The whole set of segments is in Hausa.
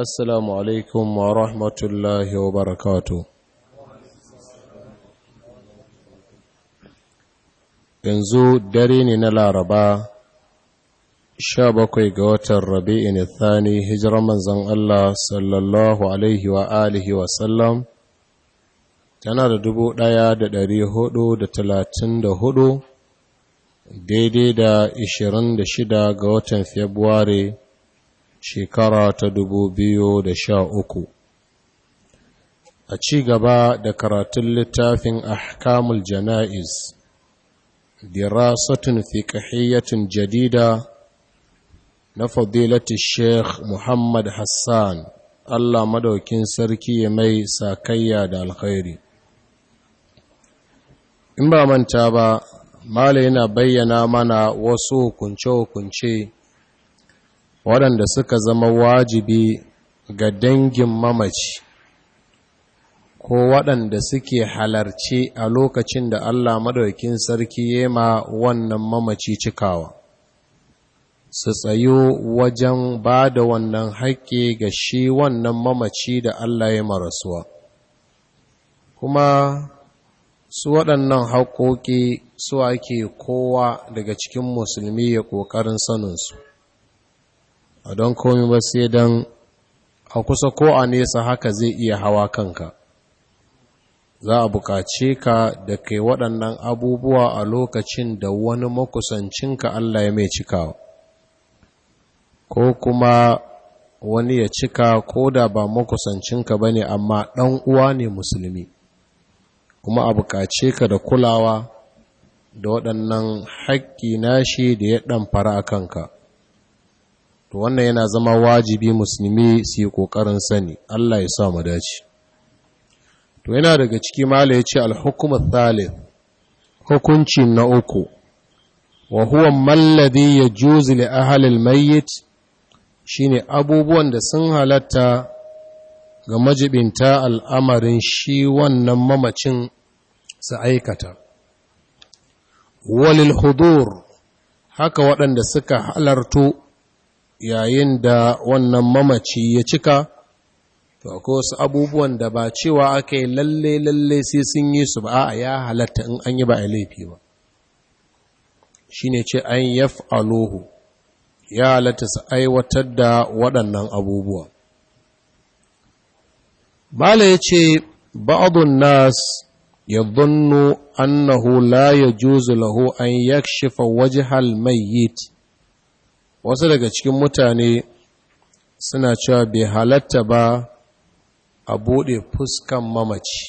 assalamu alaikum wa rahmatullahi wa barakatu yanzu dare ne na laraba sha bakwai ga watan rabi'in thani hijirar manzan Allah sallallahu tana da dubu ɗaya da dari hudu da talatin da hudu daidai da ishirin da shida ga watan februari shekara ta dubu biyu da sha uku. a ci gaba da karatun littafin ahkamul jana'iz dirasatun fiƙahiyyatin jadida na fadilati sheikh muhammad hassan allah madaukin sarki ya mai sakayya da alkhairi in ba manta ba Malam yana bayyana mana wasu hukunce-hukunce waɗanda suka zama wajibi ga dangin mamaci ko waɗanda suke halarci a lokacin da Allah maɗaukin sarki yema wannan mamaci cikawa su tsayo wajen ba da wannan haƙƙi ga shi wannan mamaci da Allah ya rasuwa, kuma su waɗannan haƙoƙi su ake kowa daga cikin musulmi ya ƙoƙarin saninsu a don komi ba sai don a kusa ko a nesa haka zai iya hawa kanka za a bukace ka da kai waɗannan abubuwa a lokacin da wani makusancinka Allah ya mai cikawa ko kuma wani ya cika ko da ba makusancinka ba ne amma ɗan uwa ne musulmi kuma a bukace ka da kulawa da waɗannan haƙƙi nashi da ya ɗan fara kanka to wannan yana zama wajibi musulmi su yi ƙoƙarin sani Allah ya sa mu dace to yana daga ciki mala ya ce alhukumar thalith hukunci na uku wa huwa malladi ya juzi li al mayyit shine abubuwan da sun halatta ga majibinta al'amarin shi wannan mamacin su aikata walil hudur haka waɗanda suka halarto yayin da wannan mamaci ya cika to ko su abubuwan da ba cewa aka yi lalle lalle sai sun yi su ba a ya halatta in an yi ba a laifi ba ne ce an yaf'aluhu ya halatta su aiwatar da waɗannan abubuwa Bala ya ce, Ba'adun nas ya zannu annahu la ya juzu lahu an yakshifa wajihal mayyit wasu daga cikin mutane suna cewa bai halatta ba a buɗe fuskan mamaci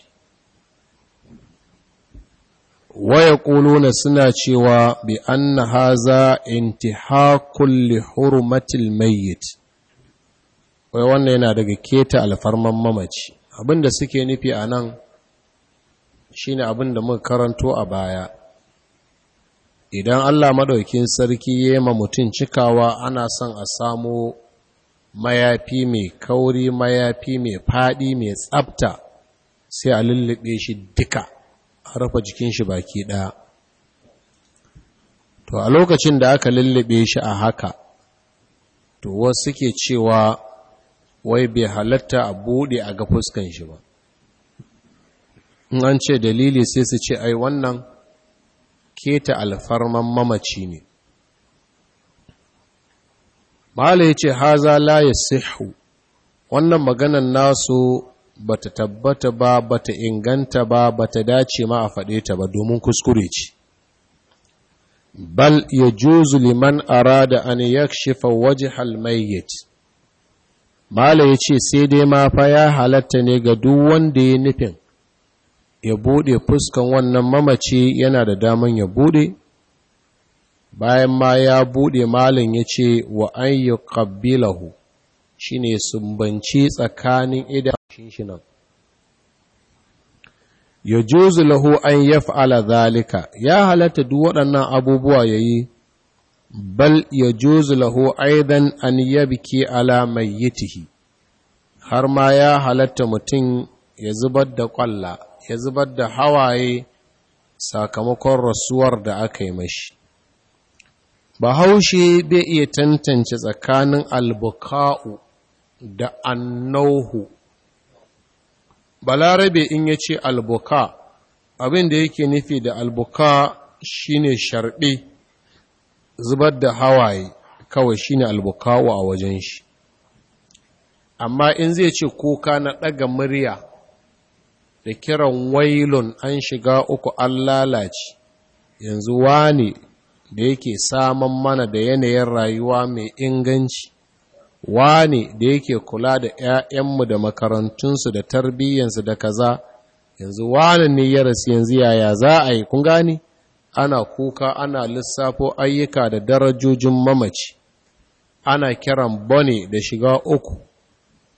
waya ƙuluna suna cewa bi anna haza intihakun li hurumatil mayyit wai wannan yana daga keta alfarman mamaci abinda suke nufi a nan shine abinda muka karanto a baya idan Allah maɗaukin sarki ya ma mutum cikawa ana son a samu mayafi mai kauri mayafi mai faɗi mai tsabta sai a lullube shi duka a rufe jikin shi baki ɗaya to a lokacin da aka lullube shi a haka to wasu suke cewa wai bai halatta a buɗe a ga fuskan shi ba in an ce dalili sai su ce ai wannan keta alfarman mamaci ne Mala ya ce, Haza la ya sihu, wannan maganan nasu ba ta tabbata ba, ba ta inganta ba, ba ta dace ma a faɗe ta ba domin kuskure ce. Bal ya juzu liman arada an yakshifa waje halmayyat. Mala ya ce, sai dai ma fa ya halatta ne ga duk wanda ya nufin ya bude fuskan wannan mamaci yana da daman ya bude bayan ma ya bude malin ya ce wa an yi ƙabilahu shi ne sumbanci tsakanin idan shi nan ya juzu lahu an ya fa'ala zalika ya halatta duk waɗannan abubuwa ya yi bal ya juzu lahu aidan an biki ala mai mayyitihi har ma ya halatta mutum ya zubar da ƙwalla ya zubar da hawaye sakamakon rasuwar da aka yi mashi bahaushe bai iya tantance tsakanin albuka'u da annauhu balarabe in ya ce albuka abinda da yake nufi da albuka shine sharɓe zubar da hawaye kawai shine albuka'u a wajen shi amma in zai ce kuka na ɗaga murya da kiran wailun an shiga uku an lalace yanzu wani da yake saman mana da yanayin rayuwa mai inganci wani da yake kula da 'ya'yanmu da makarantunsu da tarbiyyansu da kaza yanzu wani ne ya rasu yanzu yaya za a yi kun gani ana kuka ana lissafo ayyuka da darajojin mamaci ana kiran bane da shiga uku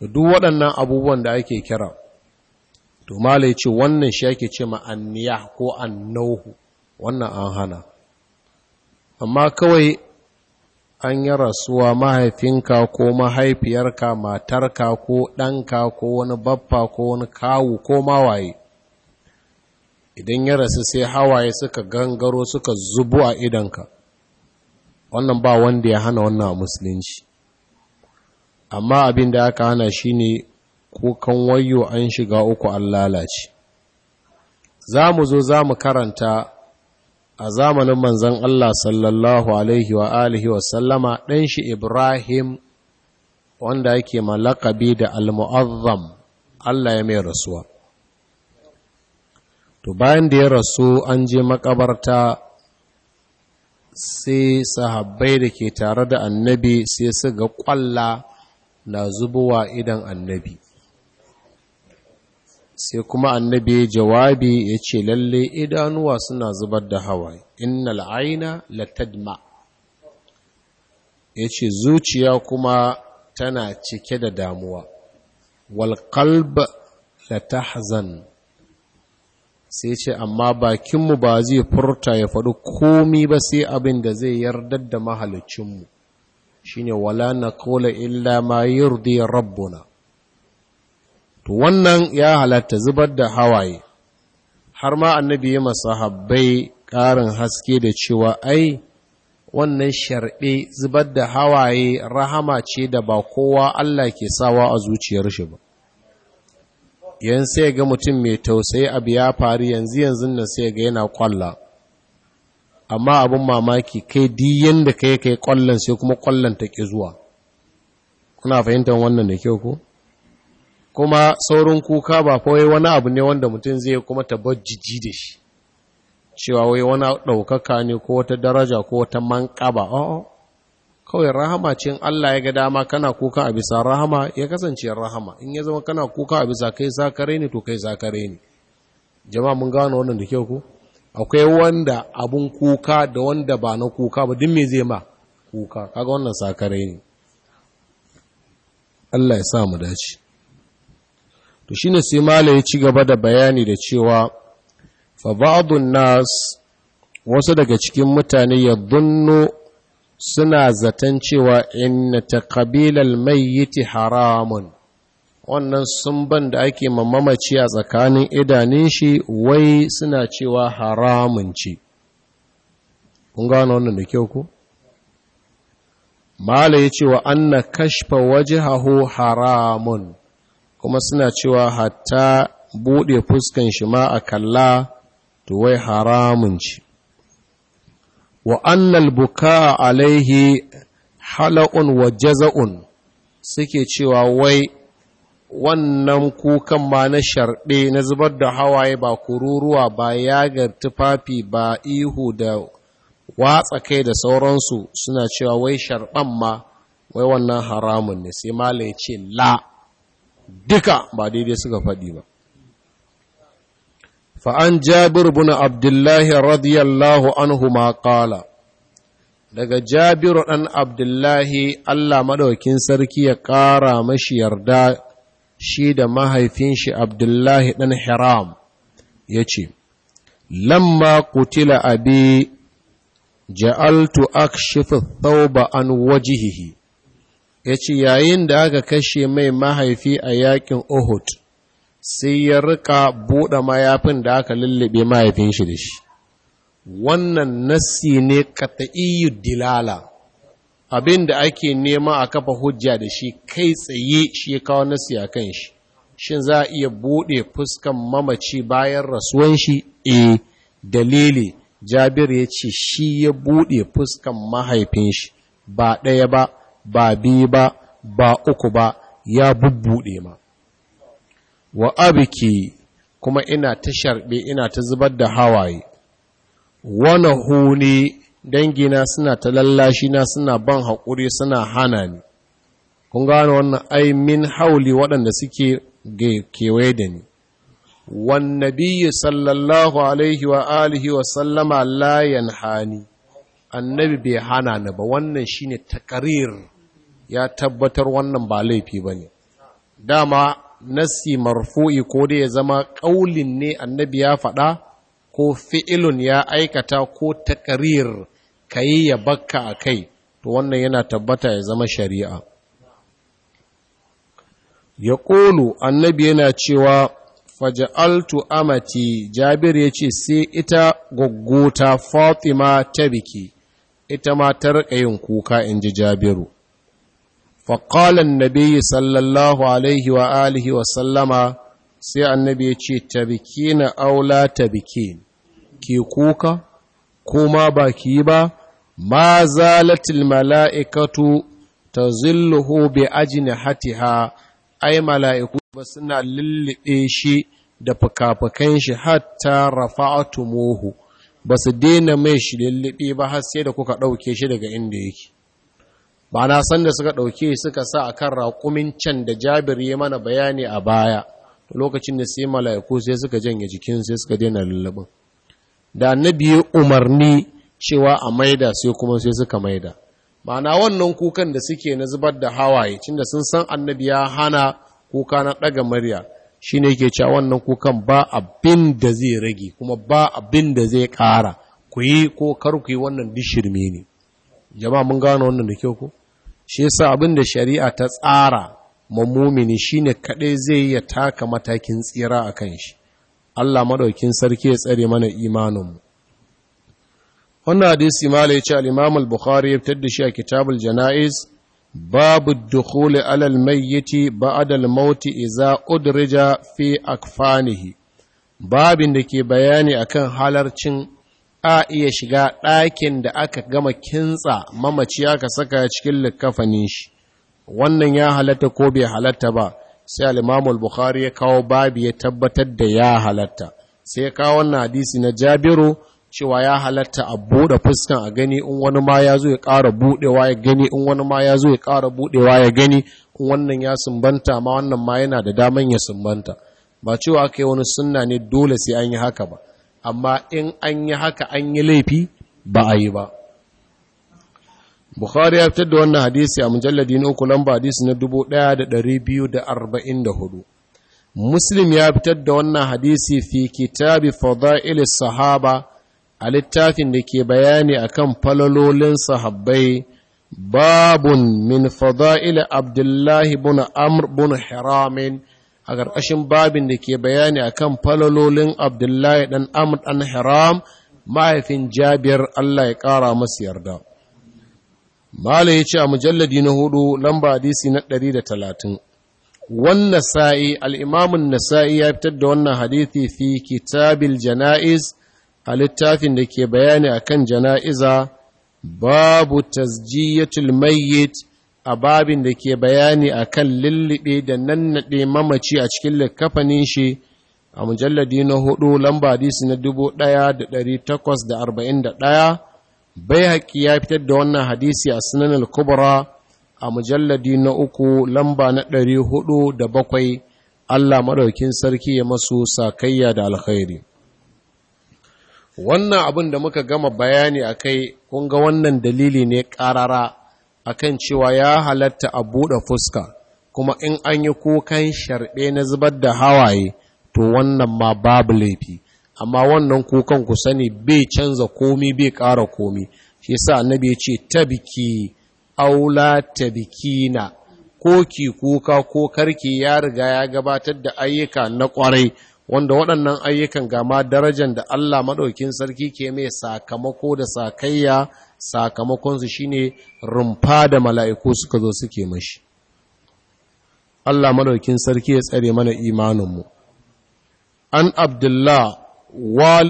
da duk waɗannan abubuwan da ake kiran. to mala ce wannan shi yake ce ma anniya ko annahu wannan an hana amma kawai an yi rasuwa mahaifinka ko mahaifiyarka matarka ko ɗanka ko wani babba ko wani kawu ko mawaye idan ya rasu sai hawaye suka gangaro suka zubu a idanka wannan ba wanda ya hana wannan a musulunci amma abin da aka hana shine kukan wayo an shiga uku an lalace za mu zo za mu karanta a zamanin manzan Allah sallallahu alaihi wa alihi wa sallama ɗan shi Ibrahim wanda yake malakabi da al-mu'azzam Allah ya mai rasuwa to bayan da ya rasu an je makabarta sai sahabbai da ke tare da annabi sai su ga kwalla na zubowa idan annabi sai kuma annabi jawabi ya ce lalle idanuwa suna zubar da hawaye innal aina latadma ya ce zuciya kuma tana cike da damuwa wal qalb latahzan sai ce amma bakinmu ba zai furta ya faɗi komi ba sai abin da zai yardar da mahalicinmu shine wala naqula illa ma yurdi rabbuna to wannan ya halatta zubar da hawaye har ma annabi ya masahabbai ƙarin haske da cewa ai wannan sharɗe zubar da hawaye rahama ce da ba kowa Allah ke sawa a zuciyar shi ba yan sai ga mutum mai tausayi abu ya faru yanzu yanzu nan sai ga yana kwalla amma abin mamaki kai diyan da kai kai kwallon sai kuma kwallon ta ki zuwa kuna fahimtar wannan da kyau ko kuma saurin kuka ba kawai wani abu ne wanda mutum zai kuma tabbajiji da shi cewa wai wani ɗaukaka ne ko wata daraja ko wata manƙaba oh, kawai rahama ce in Allah ya ga dama kana kuka a bisa rahama ya kasance rahama in ya zama kana kuka a bisa kai zakare ne to kai zakare ne jama'a mun gano wannan da kyau ko akwai wanda abun kuka da wanda ba na kuka ba duk me zai ma kuka kaga wannan zakare ne Allah ya sa mu dace to shine sai mala ya ci gaba da bayani da cewa fa ba'dun nas wasu daga cikin mutane ya dhunnu suna zaton cewa inna taqabilal mayyit haramun wannan sun ban da ake mamamaci a tsakanin idanin shi wai suna cewa haramun ce kun gano wannan da kyau ko mala ya ce wa anna kashfa wajhahu haramun kuma suna cewa hatta buɗe fuskan shi ma a kalla to wai haramun ci wa annal buka alaihi hala'un wa jaza'un suke cewa wai wannan kukan ma na sharɗe na zubar da hawaye ba kururuwa ba yagar tufafi ba ihu da watsa kai da sauransu suna cewa wai sharɓan ma wai wannan haramun ne sai mala ce la' duka ba daidai suka faɗi ba fa'an jabir bin abdullahi radiyallahu anhu ma ƙala daga jabiru ɗan abdullahi allah maɗaukin sarki ya ƙara mashi yarda shi da mahaifin shi abdullahi ɗan hiram ya ce lamma kutila abi ja'altu akshifa thauba an wajihihi ya ce yayin da aka kashe mai mahaifi a yakin Ohud sai ya rika buɗe mayafin da aka lullube mahaifin shi da shi wannan Nasi ne kata'iyu dilala abin da ake nema a kafa hujja da shi kai tsaye shi ya kawo nassi a kan shi shin za a iya buɗe fuskan mamaci bayan rasuwan shi e dalili jabir ya ce shi ya buɗe fuskan mahaifin shi ba ɗaya ba ba biyu ba ba uku ba ya bubbuɗe ma wa abiki kuma ina ta sharbe ina ta zubar da hawaye wana huni dangina suna ta lallashi na suna ban haƙuri suna hana ni kun gano wannan ai min hauli waɗanda suke kewaye da ni wannabiyyu sallallahu alaihi wa alihi wa sallama la yanhani annabi bai hana ni ba wannan shine takarir ya tabbatar wannan ba laifi ba ne dama nassi marfu'i ko da ya zama ƙaulin ne annabi ya faɗa ko fi'ilun ya aikata ko takarir ka yi ya bakka a kai to wannan yana tabbata ya zama shari'a ya ƙolu annabi yana cewa faja'altu amati jabir ya ce sai ita gugguta fatima ta biki ita ma ta rika yin kuka in ji jabiru فقال النبي صلى الله عليه وآله وسلم sai annabi ya ce tabiki na aula tabiki ki kuka kuma ba ki ba ma zalatil mala'ikatu ta zilluhu bi ajini hatiha ai mala'iku ba suna lullube shi da fikafikan shi hatta rafa'atumuhu ba su daina mai shi lullube ba har sai da kuka ɗauke shi daga inda yake ba na san da suka ɗauke suka sa a kan raƙumin can da jabir ya mana bayani a baya lokacin da sai mala'iku sai suka janye jikin sai suka daina lullubin da annabi ya umarni cewa a maida sai kuma sai suka maida ma'ana wannan kukan da suke na zubar da hawaye tunda sun san annabi ya hana kuka na ɗaga murya shine ne ke cewa wannan kukan ba abin da zai rage kuma ba abin da zai ƙara ku yi ko kar ku yi wannan dishirme ne jama'a mun gano wannan da kyau ko shi yasa abin da shari'a ta tsara shi shine kaɗai zai ya taka matakin tsira a kan shi Allah madaukin sarki ya tsare mana imaninmu wannan hadisi ya ce al-Imam al-Bukhari ya fitar da shi a Kitabul Janaiz babu dukhuli Alal, mayyiti ba'da al-maut idza udrija fi akfanihi babin da ke bayani akan halarcin a iya shiga ɗakin da aka gama kintsa mamaci aka saka cikin likafanin shi wannan ya halatta ko bai halatta ba sai alimamul bukhari ya kawo babi ya tabbatar da ya halatta sai ya kawo wannan hadisi na Jabiru cewa ya halatta a buɗe fuskan a gani in wani ma ya zo ya ƙara buɗewa ya gani in wani ma ya zo ya ƙara buɗewa ya gani in wannan ya sumbanta ma wannan ma yana da daman ya sumbanta ba cewa aka yi wani sunna ne dole sai an yi haka ba amma in an yi haka an yi laifi ba a yi ba bukhari ya fitar da wannan hadisi a mujalladi na uku lamba hadisi na hudu. muslim ya fitar da wannan hadisi fi kitabi fadailis sahaba a littafin da ke bayani a kan falalolin sahabbai babun min fadail abdullahi bin amr bin hiramin a ƙarƙashin babin da ke bayani akan falalolin abdullahi ɗan amur ɗan haram mahaifin jabiyar allah ya ƙara masu yarda mala ya ce a mujalladi na hudu lamba hadisi na ɗari da talatin wannan sa'i al'imamun nasa'i ya fitar da wannan hadithi fi kitabil jana'iz a littafin da ke bayani akan jana'iza babu tasjiyatul mayyit a babin da ke bayani a kan lullube da nannaɗe mamaci a cikin likkafanin shi a mujalladi na hudu lamba hadisi na dubu ɗaya da da da ɗari takwas arba'in ɗaya, bai haƙi ya fitar da wannan hadisi a sunan al-kubra a mujalladi na uku lamba na ɗari hudu da bakwai, Allah maɗaukin sarki ya masu sakayya da alkhairi wannan abin da muka gama bayani a kai kun ga wannan dalili ne ƙarara akan cewa ya halatta a buɗe fuska kuma in an yi kukan sharɓe na zubar da hawaye to wannan ma babu laifi amma wannan kukan ku sani bai canza komi bai ƙara komi shi sa annabi ya ce tabiki aula na, ko ki kuka ko karki ya riga ya gabatar da ayyuka na ƙwarai wanda waɗannan ayyukan gama darajar da Allah maɗaukin sarki ke mai sakamako da sakayya sakamakonsu shine rumfa da mala'iku suka zo suke mashi Allah madaukin sarki ya tsare mana imaninmu an abdullah wal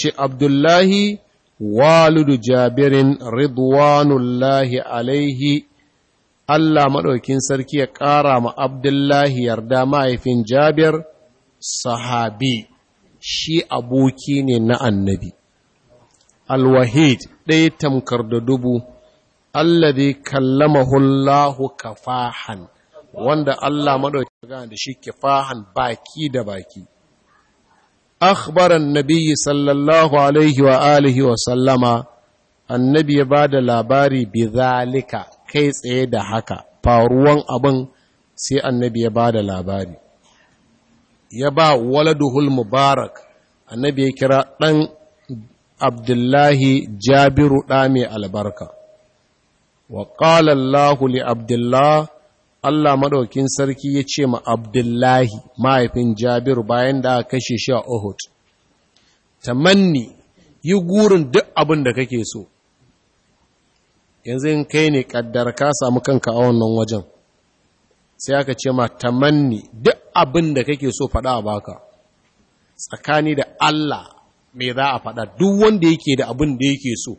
ce abdullahi walidu jabirin ridwanullahi alaihi Allah maɗaukin sarki ya ƙara ma Abdullahi yarda mahaifin Jabir sahabi shi aboki ne na annabi. Al-Wahid ɗaya tamkar da dubu allazi kallamahu Allahu kafahan wanda Allah madauki magana da shi kifahan baki da baki akhbaran nabiyyi sallallahu alaihi wa alihi wa sallama annabi ya da labari bizalika kai tsaye da haka faruwan abin sai annabi ya bada labari ya ba waladuhul mubarak annabi ya kira dan abdullahi jabiru ɗa mai albarka wa ƙala allahu li abdullah allah maɗaukin sarki ya ce ma abdullahi mahaifin jabiru bayan da aka kashe shi a ohud tamanni yi gurin duk abin da kake so yanzu in kai ne kaddar ka samu kanka a wannan wajen sai aka ce ma tamanni duk abin da kake so faɗa baka tsakani da Allah me za a faɗa duk wanda yake da abin da yake so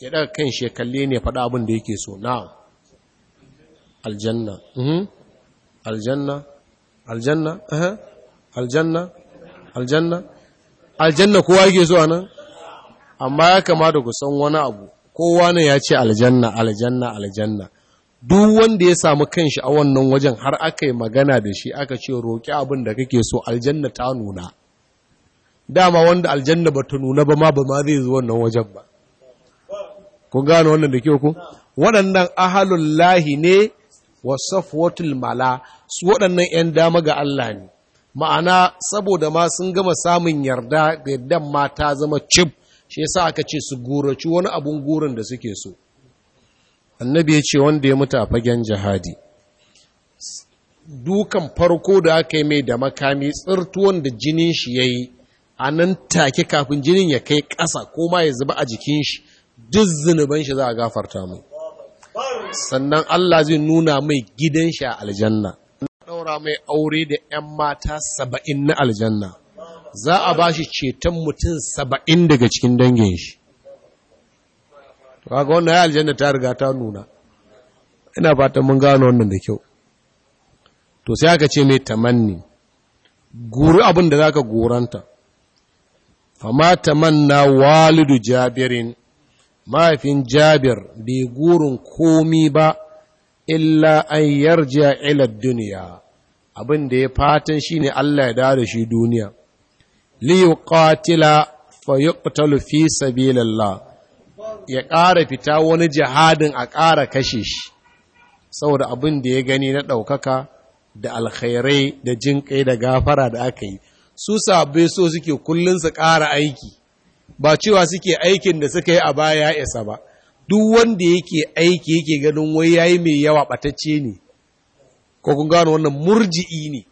ya daga kan shekalle ne faɗa abin da yake so na mhm. aljanna aljanna aljanna aljanna aljanna aljanna kowa yake so anan amma ya kamata ku san wani abu kowa ne ya ce aljanna aljanna aljanna duk wanda ya samu kanshi a wannan wajen har aka yi magana da shi aka ce roƙi abin da kake so aljanna ta nuna dama wanda aljanna ba ta nuna ba ma ba ma zai zo wannan wajen ba kun gano wannan da ke ko waɗannan ahalun lahi ne wa safwatul mala su waɗannan 'yan dama ga Allah ne ma'ana saboda ma sun gama samun yarda ga yadda ma ta zama cib shi yasa aka ce su goraci wani abun goron da suke so annabi ya ce wanda ya mutu a fagen jihadi dukan farko da aka yi mai da makami tsirtuwan da jinin shi ya yi a nan take kafin jinin ya kai ƙasa ko ma ya zuba a jikin shi duk zunuban shi za a gafarta mai sannan Allah zai nuna mai gidan shi a aljanna daura mai aure da 'yan mata saba'in na aljanna za a ba shi ceton mutum saba'in daga cikin dangin shi ga wannan ya aljanna ta riga ta nuna ina fatan mun gano wannan da kyau to sai aka ce mai tamanni guri abin da za ka goranta fama manna walidu jabirin mahaifin jabir bai gurin komi ba illa an yarja ilar duniya abin da ya fatan shi ne Allah ya dada shi duniya liyu ƙatila fayuqtalu fi sabilillah ya ƙara fita wani jihadin a ƙara kashe shi saboda abin da ya gani na ɗaukaka da alkhairai da jinƙai da gafara da aka yi su sabbe so suke kullun su ƙara aiki ba cewa suke aikin da suka yi a baya ya isa ba duk wanda yake aiki yake ganin wai yayi mai yawa batacce ne ko kun gano wannan murji'i ne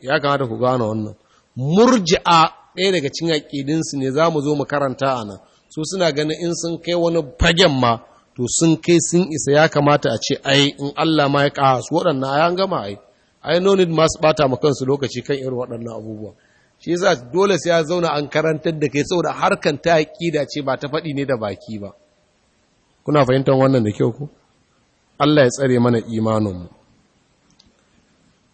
ya kamata ku gano wannan murji'a ɗaya daga cikin aƙidinsu ne za mu zo mu karanta a nan su suna ganin in sun kai wani fagen ma to sun kai sun isa ya kamata a ce ai in Allah ma ya ƙasu waɗannan ayan gama ai ai no need masu bata ma kansu lokaci kan irin waɗannan abubuwa shi yasa dole sai ya zauna an karantar da kai saboda harkan ta aqida ce ba ta faɗi ne da baki ba kuna fahimtar wannan da kyau ku Allah ya tsare mana imaninmu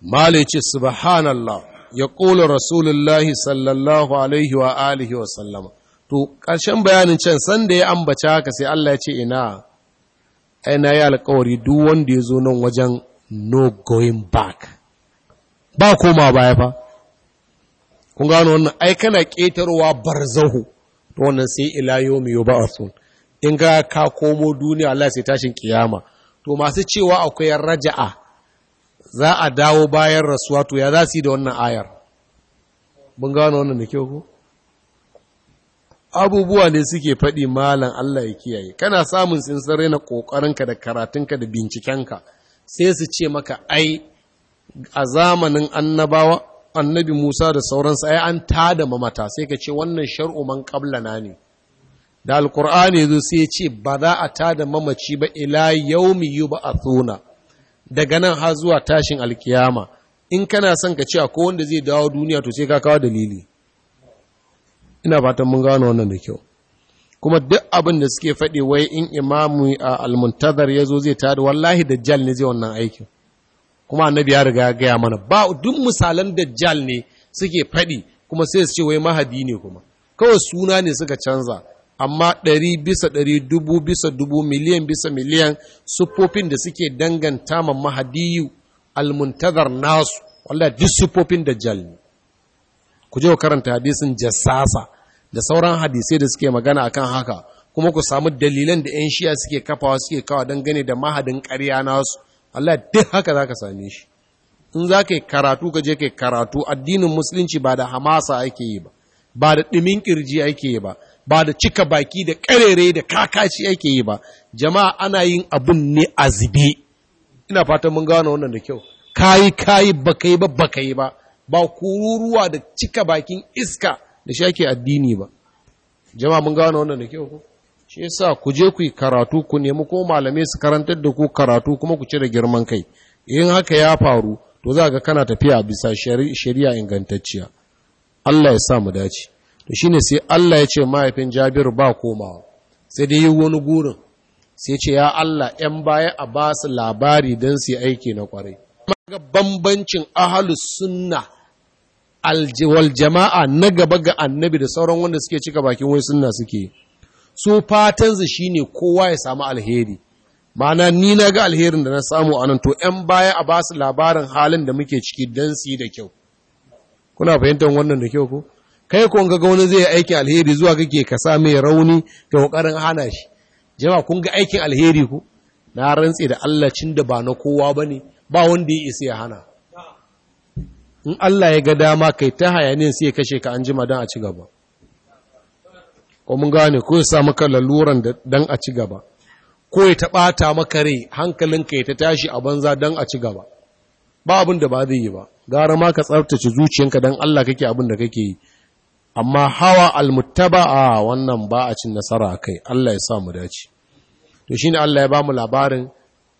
malice subhanallah ya ƙula rasulullahi sallallahu alaihi wa alihi wa sallama to ƙarshen bayanin can sanda ya ambaci haka sai Allah ya ce ina ai na yi alkawari duk wanda ya zo nan wajen no going back ba koma baya fa kun gano wannan ai kana ƙetarwa barzahu to wannan sai ila yomi yub'athun in ga ka komo duniya Allah sai tashin kiyama to masu cewa akwai raja'a za a dawo bayan rasuwa to ya za su yi da wannan ayar mun gano wannan da kyau ko abubuwa ne suke faɗi malam Allah ya kiyaye kana samun sun na ƙoƙarinka da karatunka da bincikenka sai su ce maka ai a zamanin annabawa annabi Musa da sauransu ai an tada mamata sai ka ce wannan shar'u man na ne da alkur'ani zo sai ya ce ba za a tada mamaci ba ila yaumi yub'athuna daga nan har zuwa tashin alkiyama in kana son ka ce akwai wanda zai dawo duniya to sai ka kawo dalili ina fatan mun gano wannan da kyau kuma duk abin da suke faɗi wai in imamu a almuntazar ya zo zai tada wallahi da ne zai wannan aikin kuma annabi ya riga ya gaya mana ba duk misalan dajjal ne suke faɗi kuma sai su ce wai mahadi ne kuma kawai suna ne suka canza amma ɗari bisa ɗari dubu bisa dubu miliyan bisa miliyan siffofin da suke danganta ma mahadiyu almuntazar nasu wallah duk siffofin dajjal ne ku je ku karanta hadisin jassasa da sauran hadisai da suke magana akan haka kuma ku samu dalilan da 'yan shiya suke kafawa suke kawa dangane da mahadin ƙarya nasu Allah duk haka za ka same shi in za ka yi karatu ka je ka karatu addinin musulunci ba da hamasa ake yi ba ba da ɗimin ƙirji ake yi ba ba da cika baki da ƙarere da kakaci ake yi ba jama'a ana yin abun ne a zibe ina fatan mun gano wannan da kyau kayi kayi baka yi ba baka yi ba ba kururuwa da cika bakin iska da shi ake addini ba jama'a mun gano wannan da kyau ko shi yasa ku je ku yi karatu ku nemi ko malamai su karantar da ku karatu kuma ku cire girman kai in haka ya faru to za ga kana tafiya bisa shari'a ingantacciya Allah ya sa mu dace to shine sai Allah ya ce mahaifin Jabiru ba komawa sai dai wani gurin sai ce ya Allah ‘yan baya a ba su labari dan su aiki na kwarai. ga bambancin ahlus sunna aljiwal jama'a na gaba ga annabi da sauran wanda suke cika bakin wai sunna suke su fatansu shine kowa ya samu alheri mana ni na ga alherin da na samu a nan to 'yan baya a ba labarin halin da muke ciki don su yi da kyau kuna fahimtar wannan da kyau ko kai ko ga wani zai aiki alheri zuwa kake ka sa mai rauni ga kokarin hana shi Jama kun ga aikin alheri ku na rantse da Allah cin da ba na kowa bane ba wanda ya isa ya hana in Allah ya ga dama kai ta hayanin sai ya kashe ka anjima dan a ci gaba ko mun gane ko ya sa maka laluran dan a ci gaba ko ya ta maka rai hankalinka ya ta tashi a banza dan a ci gaba ba abin da ba zai yi ba gara ma ka tsaftace zuciyanka dan Allah kake abin da kake yi amma hawa almuttaba'a wannan ba a cin nasara kai Allah ya sa mu dace to shine Allah ya ba mu labarin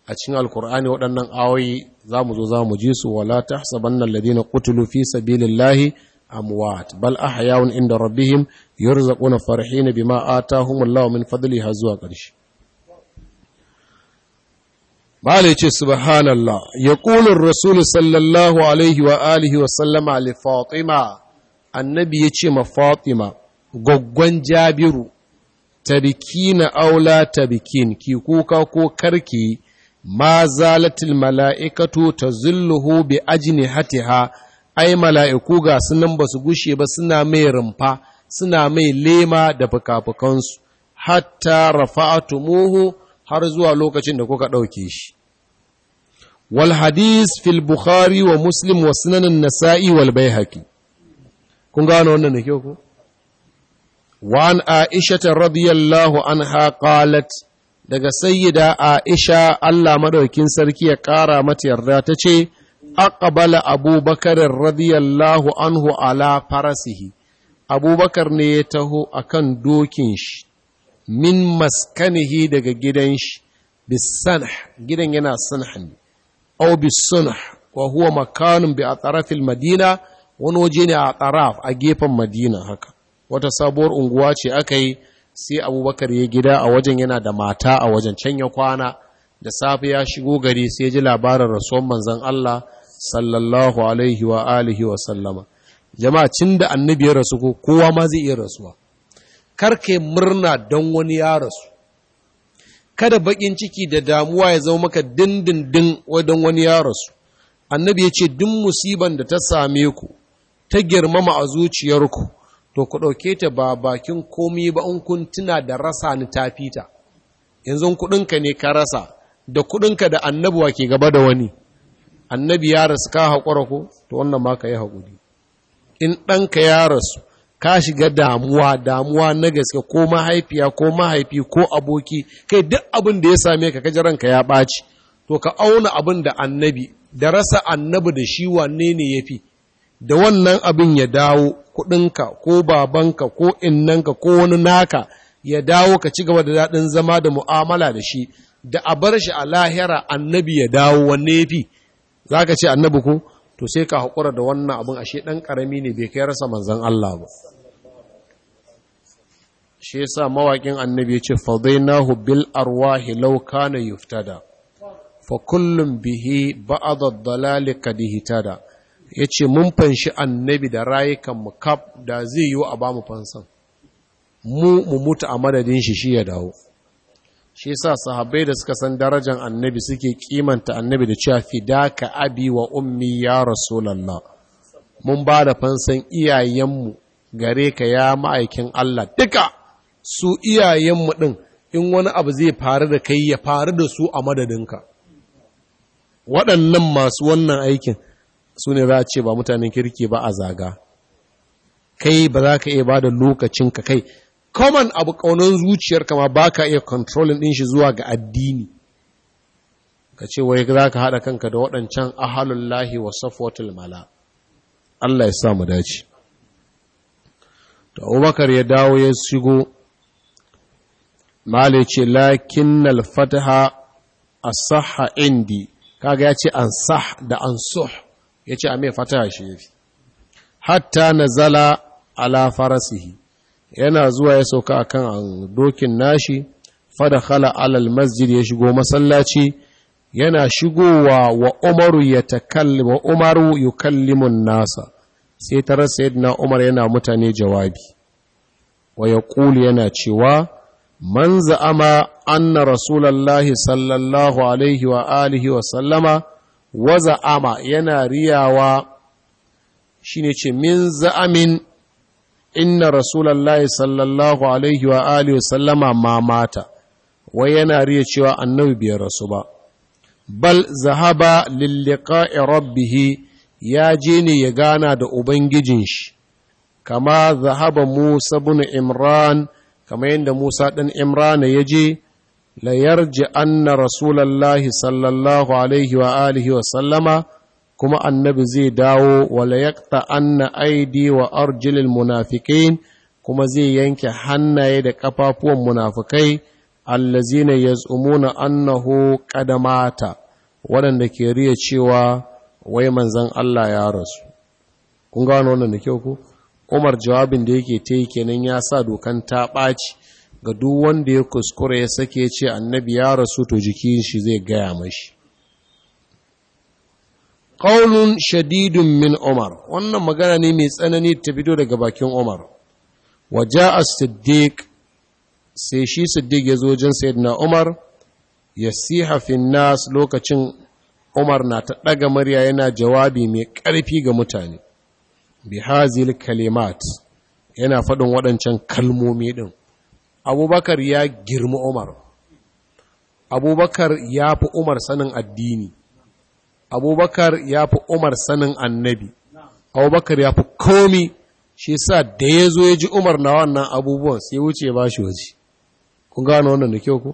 a cikin alkur'ani waɗannan ayoyi za mu zo za mu ji su wala tahsabanna alladhina qutilu fi sabilillahi amwat bal ahya'un inda rabbihim yurzaquna farhina bima Allah min ha zuwa ƙarshe Malai ce subhanallah ya ƙunar rasul sallallahu alaihi wa alihi wa sallama li Fatima annabi ya ce ma Fatima Goggon jabiru tabikina aula tabikin ki kuka ko karki ma zalatil mala'ikatu ta bi ajini hatiha ai mala'iku ga sunan basu su gushe ba suna mai rumfa suna mai lema da hatta hatta hatta tumuhu har zuwa lokacin da kuka ɗauke shi wal hadis fil bukhari wa muslim wa sunanin nasa'i wal baihaqi kun gano wannan da kyau ko وعن عائشة رضي الله عنها daga sayyida Aisha Allah maɗaukin sarki ya ƙara mata yarda ta ce, Aqbala Abu Bakarin radiyallahu anhu ala farasihi, abubakar ne ya taho a kan dokin shi min maskanihi daga gidan shi bisanah gidan yana sanah ne au bisanah wa huwa makanin bi a tsarafin madina wani waje ne a tsaraf a gefen madina haka wata sabuwar unguwa ce aka yi sai abubakar ya gida a wajen yana da mata a wajen can ya kwana da safe ya shigo gari sai ji labarin rasuwan manzan Allah sallallahu alaihi wa alihi wa sallama jama'a cin da annabi ya rasu ko kowa ma zai iya rasuwa karke murna don wani ya rasu kada bakin ciki da damuwa ya zama maka dindindin don wani ya rasu annabi ya ce duk musiban da ta same ku ta girmama a zuciyarku to ku ɗauke ta ba bakin komi ba in kun tuna da rasa ni tafita. yanzu kuɗinka ne ka rasa da kuɗinka da annabuwa ke gaba da wani annabi ya rasu ka haƙura ko to wannan ma ka yi haƙuri in ɗanka ya rasu ka shiga damuwa damuwa na gaske ko mahaifiya ko mahaifi ko aboki kai duk abin da ya same ka kaji ranka ya ɓaci to ka auna abin da annabi da rasa annabi da shi wanne ne ya fi da wannan abin ya dawo kuɗinka ko babanka ko innanka ko wani naka ya dawo ka ci gaba da daɗin zama da mu'amala da shi da a bar shi a lahira annabi ya dawo wanne ya fi za ka ce annabi ko to sai ka haƙura da wannan abin ashe ɗan ƙarami ne bai kai rasa manzan Allah ba shi sa mawaƙin annabi ya ce fadainahu bil arwahi law na yuftada fa kullum bihi ba'd da dalali da. Ya ce mun fanshi annabi da rayukan mu kaf da zai yi a ba mu fansan mu mu mutu a madadin shi shi ya dawo shi sa sahabbai da suka san darajar annabi suke kimanta annabi da cewa fidaka abi wa ummi ya rasulullah mun ba da fansan iyayenmu gare ka ya ma'aikin Allah duka su iyayenmu din in wani abu zai faru da kai ya faru da su a madadinka waɗannan masu wannan aikin su ne za a ce ba mutanen kirki ba a zaga kai ba za ka iya ba da lokacinka kai common abu kaunar zuciyar kama ba ka iya controlling ɗin shi zuwa ga addini ka ce wai za ka haɗa kanka da waɗancan ahalun lahi wa safotul mala Allah ya sa mu dace to Abubakar ya dawo ya shigo Malik ce lakin al a saha indi kaga ya ce an sah da an soh ya ce a mai fataha shi ya fi. hatta nazala ala farasihi yana zuwa ya sauka a kan dokin nashi fada khala alal masjid ya shigo masallaci yana shigowa wa umaru ya takallima umaru yukallimun nasa sai ta tarar sayyidina umar yana mutane jawabi wa kuli yana cewa man za'ama anna rasulullahi sallallahu alaihi wa alihi wa sallama wa za'ama yana riyawa shine ce min za'amin inna rasulallahi sallallahu alaihi wa alihi sallama ma mata wai yana riya cewa annabi bai rasu ba bal zahaba lilliqa'i rabbih ya je ne ya gana da ubangijin shi kama zahaba Musa bin Imran kama yadda Musa ɗan Imran ya je la yarji anna rasulallahi sallallahu alaihi wa alihi wa sallama kuma annabi zai dawo wala yaqta anna aidi wa arjilil munafiqin kuma zai yanke hannaye da kafafuwan munafikai allazina yaz'umuna annahu qadamata waɗanda ke riya cewa wai manzon Allah ya rasu kun gano wannan da kyau ko Umar jawabin da yake ta yi kenan ya sa dokan ta ɓaci ga duk wanda ya kuskura ya sake ce annabi ya rasu to jikin shi zai gaya mashi ƙaunin shadidun min umar wannan magana ne mai tsanani ta fito daga bakin umar waje a siddiq sai shi siddiq ya zo jin Said na umar ya hafin nas lokacin umar na ta ɗaga murya yana jawabi mai ƙarfi ga mutane bihazil kalimat yana faɗin waɗancan kalmomi ɗin abubakar ya girma umar abubakar ya fi umar sanin addini abubakar ya fi umar sanin annabi abubakar ya fi komi shi sa da ya zo ya ji umar na wannan abubuwan sai wuce ba shi waje kun gano wannan da kyau ku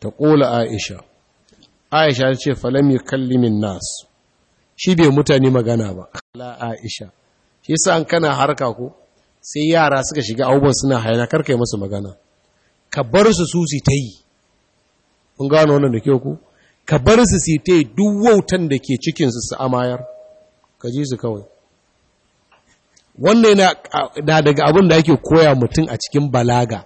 ta ƙola aisha aisha ce falami kalli kallimin nasu shi bai mutane magana ba la aisha shi sa an kana harka ko sai yara suka shiga abubuwan suna haina karka yi masu magana ka bar su su ta yi kun gano wannan da kyau ku ka bar su site duk wautan da ke cikinsu su amayar ka ji su kawai wannan na daga abin da ake koya mutum a cikin balaga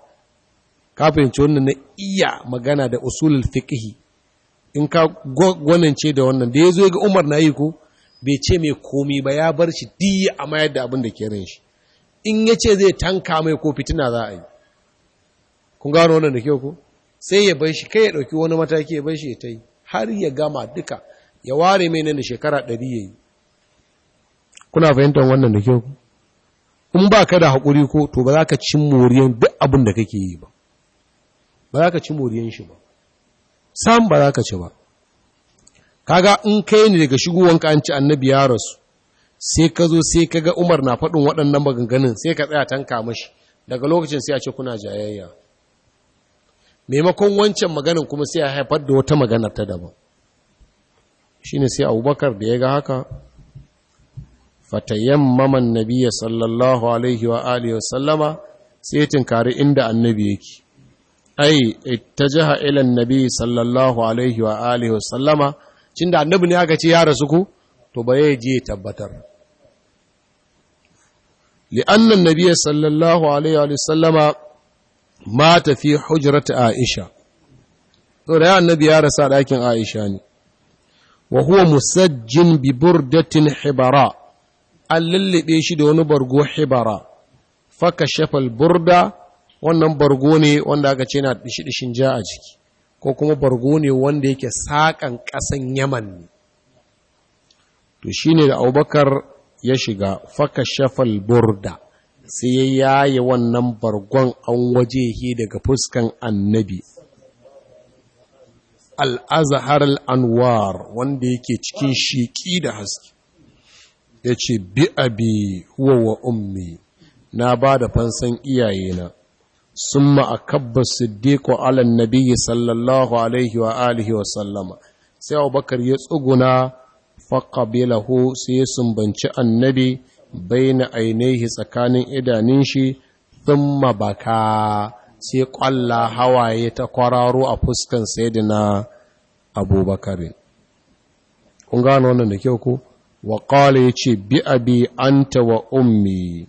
kafin fahimci wannan na iya magana da usulul fiƙihi, in ka gwanance da wannan da ya zo ga Umar na yi ko bai ce mai komi ba ya bar shi diya a mayar da abin da ke ran shi in ya ce zai tanka mai ko fitina za a yi kun gano wannan da kyau ko sai ya bai shi kai ya ɗauki wani mataki ya bai shi ya ta yi har ya gama duka ya ware mai nan da shekara ɗari ya yi kuna fahimtar wannan da kyau in ba ka da haƙuri ko to ba za ka cin moriyan duk abin da kake yi ba ba za ka ci moriyan shi ba sam ba za ka ci ba kaga in kai ne daga shigowanka an ci annabi ya rasu sai ka zo sai ka ga umar na faɗin waɗannan maganganun sai ka tsaya tanka mashi daga lokacin sai a ce kuna jayayya maimakon wancan maganin kuma sai a haifar da wata maganar ta daban ne sai abubakar da ya ga haka maman nabiya sallallahu alaihi wa aliyu sallama sai ya tinkari inda annabi yake ai jiha ilan nabi sallallahu alaihi wa aliyu sallama da annabi ne aka ce ya rasu ku to ba ya je tabbatar Li'annan nabiya sallallahu alaihi wa sallama mata fi hujrata aisha to da annabi ya rasa ɗakin aisha ne wa huwa musajjin bi burdatin hibara an lullube shi da wani bargo hibara faka shafal burda wannan bargo ne wanda aka ce na dishi-dishin ja a jiki ko kuma bargo ne wanda yake saƙan ƙasan yaman ne to shi ne da abubakar ya shiga faka shafal burda sai ya yaye wannan bargon an waje shi daga fuskan annabi al'azahar al'anwar wanda yake cikin shiƙi da haske ya ce bi abi huwa wa ummi na ba da fansan iyayena sun ma'akabba deko alan nabi sallallahu alaihi wa alihi wa sallama sai abubakar ya tsuguna faƙabilahu sai ya sumbanci annabi baina ainihi tsakanin idanun shi sun baka sai kwalla hawaye ta kwararo a fuskan saidina abubakar kun gano wannan da kyau ko wa ya ce bi abi anta wa ummi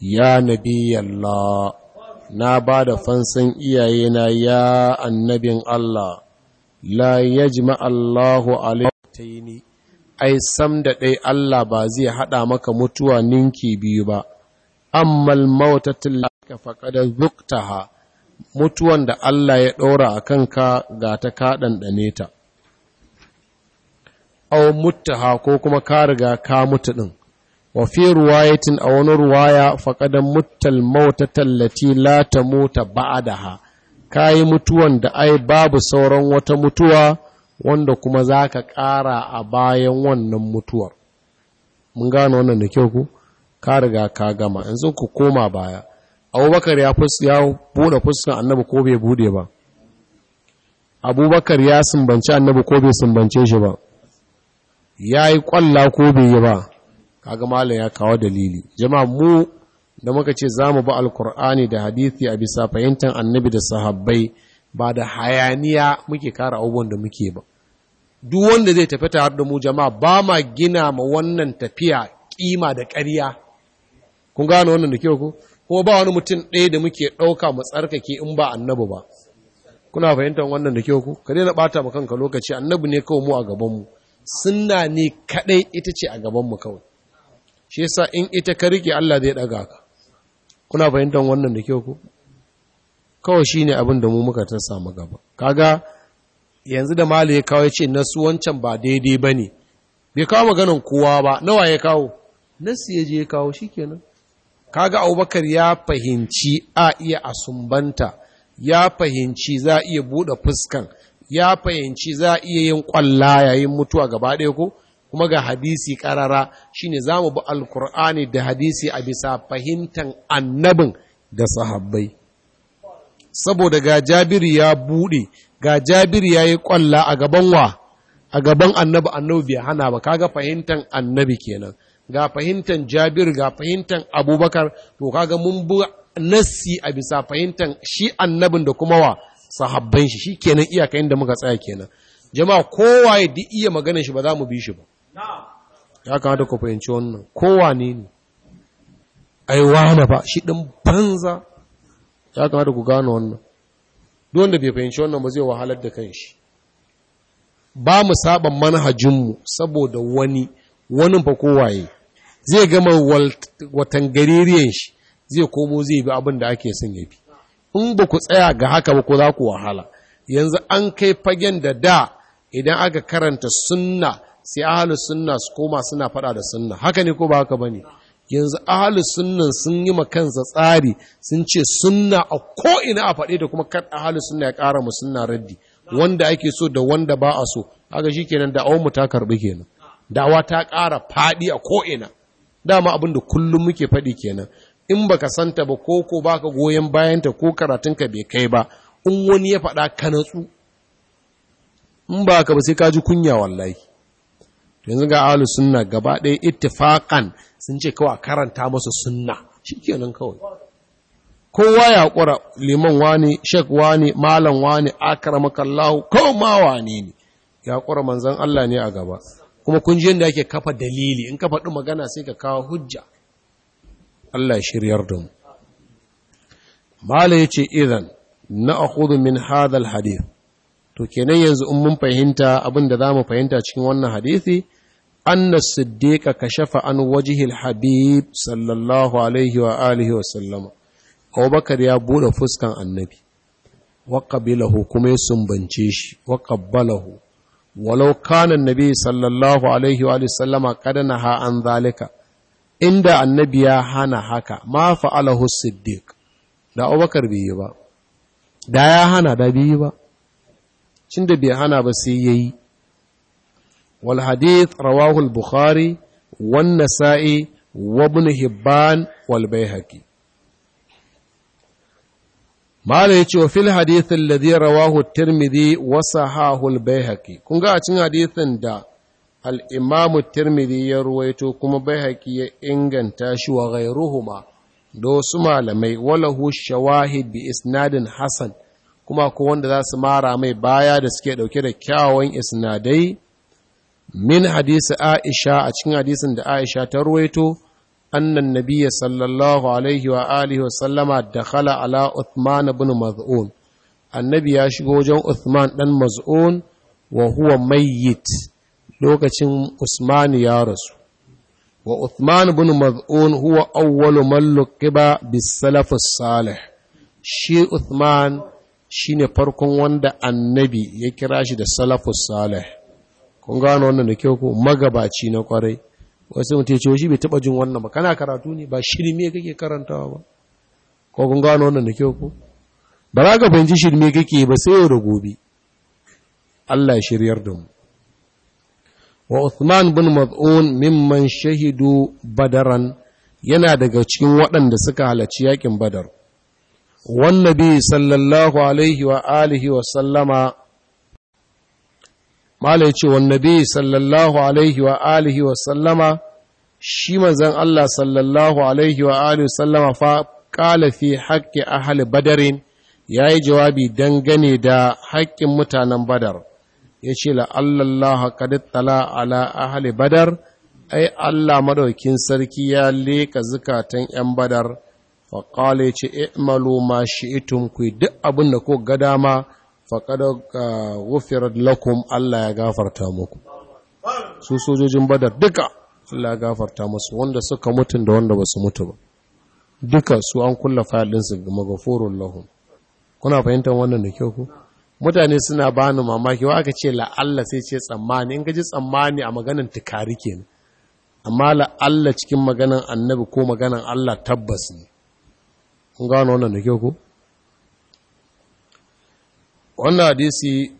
ya nabi Yalla, na ba da fansan iyayena ya annabin Allah la alaikata Allahu ni ai sam da ɗai Allah ba zai haɗa maka mutuwa ninki biyu ba, ammal mautatin laka faƙada ha, mutuwan da Allah ya ɗora a kanka ga ta kaɗan ɗane ta. Au ha ko kuma ka riga ka mutu ɗin, wa fi a wani ruwaya faƙada mutal mautatan lati la ta mota ha, ka yi mutuwan da ai babu sauran wata mutuwa wanda kuma za ka ƙara a bayan wannan mutuwar mun gano wannan da kyau ku ka riga ka gama yanzu ku koma baya abubakar ya bude fuskan annabi ko bai buɗe ba abubakar ya sumbance annabi ko bai sumbance shi ba ya yi kwalla ko bai yi ba kaga malam ya kawo dalili jama'a mu da muka ce za mu ba alkur'ani da hadithi a bisa fahimtar annabi da sahabbai ba da hayaniya muke kara abubuwan da muke ba duk wanda zai tafi tare da mu jama'a ba ma gina ma wannan tafiya kima da ƙarya kun gano wannan da kyau ko kuma ba wani mutum ɗaya da muke ɗauka mu tsarkake in ba annabi ba kuna fahimtar wannan da kyau ko ka daina ɓata ma kanka lokaci annabi ne kawai mu a gaban mu sunna ne kaɗai ita ce a gaban mu kawai shi yasa in ita ka rike Allah zai ɗaga ka kuna fahimtar wannan da kyau ko kawai shine abin da mu muka ta samu gaba kaga yanzu da mali ya kawo ya ce nasu wancan ba daidai ba ne bai kawo maganin kowa ba nawa ya kawo nasu ya je kawo shi kenan kaga abubakar ya fahimci a iya asumbanta ya fahimci za a iya buɗe fuskan ya fahimci za a iya yin ƙwalla yayin mutuwa gaba ɗaya ko kuma ga hadisi ƙarara shine za mu bi alkur'ani da hadisi a bisa fahimtan annabin da sahabbai saboda ga jabiru ya buɗe ga jabiru ya yi ƙwalla a gaban wa a gaban annabi annabi bai hana ba kaga fahimtar annabi kenan ga fahimtar jabir ga fahimtar abubakar to kaga mun bu nassi a bisa fahimtar shi annabin da kuma wa sahabban shi shi kenan iyaka inda muka tsaya kenan jama'a kowa duk iya magana shi ba za mu bi shi ba ya kamata ku fahimci wannan kowa ne ne ai ba shi ɗin banza ya kamata ku gano wannan duk da bai fahimci wannan ba zai wahalar da kanshi ba mu saba manhajinmu saboda wani wani fa kowaye zai gama watan shi zai komo zai bi abin da ake son ya in ba ku tsaya ga haka ba ko za ku wahala yanzu an kai fagen da da idan aka karanta sunna sai ahalus sunna su koma suna fada da sunna haka ne ko ba haka bane yanzu ahalu sunnan sun yi makansa tsari sun ce sunna a ko'ina a faɗe da kuma kan ahalu sunna ya ƙara mu sunna raddi wanda ake so da wanda ba a so haka shi kenan da awonmu ta karɓi kenan dawa ta ƙara faɗi a ko'ina dama abin da kullum muke faɗi kenan in baka santa ba ko ko baka goyon bayanta ko karatunka bai kai ba in wani ya faɗa ka natsu in ba ka ba sai ka ji kunya wallahi yanzu ga ahlus sunna gaba ɗaya ittifaqan sun ce kawai karanta masa sunna shikenan kawai kowa ya kura liman wani shek wani malam wani akramakallahu ko ma wani ne ya kura manzon Allah ne a gaba kuma kun ji yadda yake kafa dalili in ka faɗi magana sai ka kawo hujja Allah shiryar da mu mala yace idan na'khudhu min hadha hadith to kenan yanzu in mun fahimta abin da mu fahimta cikin wannan hadisi anna siddiqa kashafa an wajihil habib sallallahu alaihi wa alihi wa sallama abubakar ya bude fuskan annabi wa qabilahu kuma ya sumbance shi wa qabbalahu walau kana annabi sallallahu alaihi wa sallama kada naha an zalika inda annabi ya hana haka ma fa'alahu siddiq da abubakar bai yi ba da ya hana da bai yi ba cin da bai hana ba sai yayi wal hadith rawahu al-bukhari wan nasa'i wa ibn hibban wal baihaqi mala yace wa fil hadith alladhi rawahu at-tirmidhi wa kun ga a cikin hadithin da al-imam at-tirmidhi ya ruwaito kuma baihaqi ya inganta shi wa ghayruhuma da wasu malamai walahu shawahid bi isnadin Hassan, kuma ko wanda za su mara mai baya da suke ɗauke da kyawawan isnadai min hadisi aisha a cikin hadisin da aisha ta ruwaito annan nabiyya sallallahu alaihi wa alihi wa sallama dakhala ala uthman ibn maz'un annabi ya shigo wajen uthman dan maz'un wa huwa mayyit lokacin usman ya rasu wa uthman ibn maz'un huwa awwalu man luqiba bis salaf salih shi uthman shine farkon wanda annabi ya kira shi da salafus salih kun gano wannan da kyau ko magabaci na kwarai wasu ya ce shi bai taba jin wannan ba kana karatu ne ba shirme kake karantawa ba ko kun gano wannan da kyau ko ba za ka fahimci shirme kake ba sai yau da gobe Allah ya shiryar da mu wa Uthman bin Mad'un mimman shahidu badaran yana daga cikin waɗanda suka halarci yakin badar wannan bi sallallahu alaihi wa alihi wa sallama malai ce wannabi sallallahu alaihi wa alihi wa sallama shi manzan Allah sallallahu alaihi wa alihi wa sallama fa qala fi haqqi ahli badarin yi jawabi dangane da haƙƙin mutanen badar yace la Allah qad ala ahli badar ai Allah maɗaukin sarki ya leka zukatan yan badar fa ya ce, i'malu ma shi'tum ku duk abin da ku ga dama faƙadar uh, gufirar lakum Allah ya gafarta muku su sojojin badar duka Allah ya gafarta masu wanda suka mutun da wanda ba su mutu ba duka su an kulla faɗinsu ga magaforun lahum kuna fahimtar wannan da kyau ku mutane suna bani mamaki wa aka ce la'alla sai ce tsammani in gaji tsammani a maganan tukari kenan amma la'alla cikin maganan annabi ko maganan Allah tabbas ne kun gano wannan da kyau ku wannan hadisi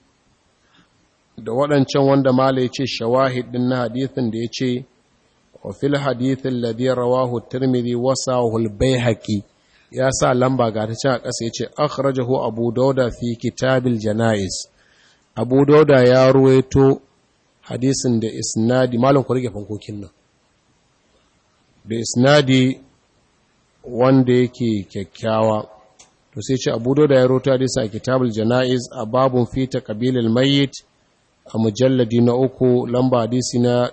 da waɗancan wanda mala ya ce shawahid ɗin na hadithin da ya ce wa fil hadithin ladhi rawahu tirmidhi wa sahu al ya sa lamba ga ta can a ƙasa ya ce akhrajahu abu dauda fi kitabil janais abu dauda ya ruwaito hadisin da isnadi malam ku rike fankokin nan da isnadi wanda yake kyakkyawa to sai ce abu da ya rota disa a kitabul jana'iz a babun fita kabilil mayit a mujalladi na uku lamba hadisi na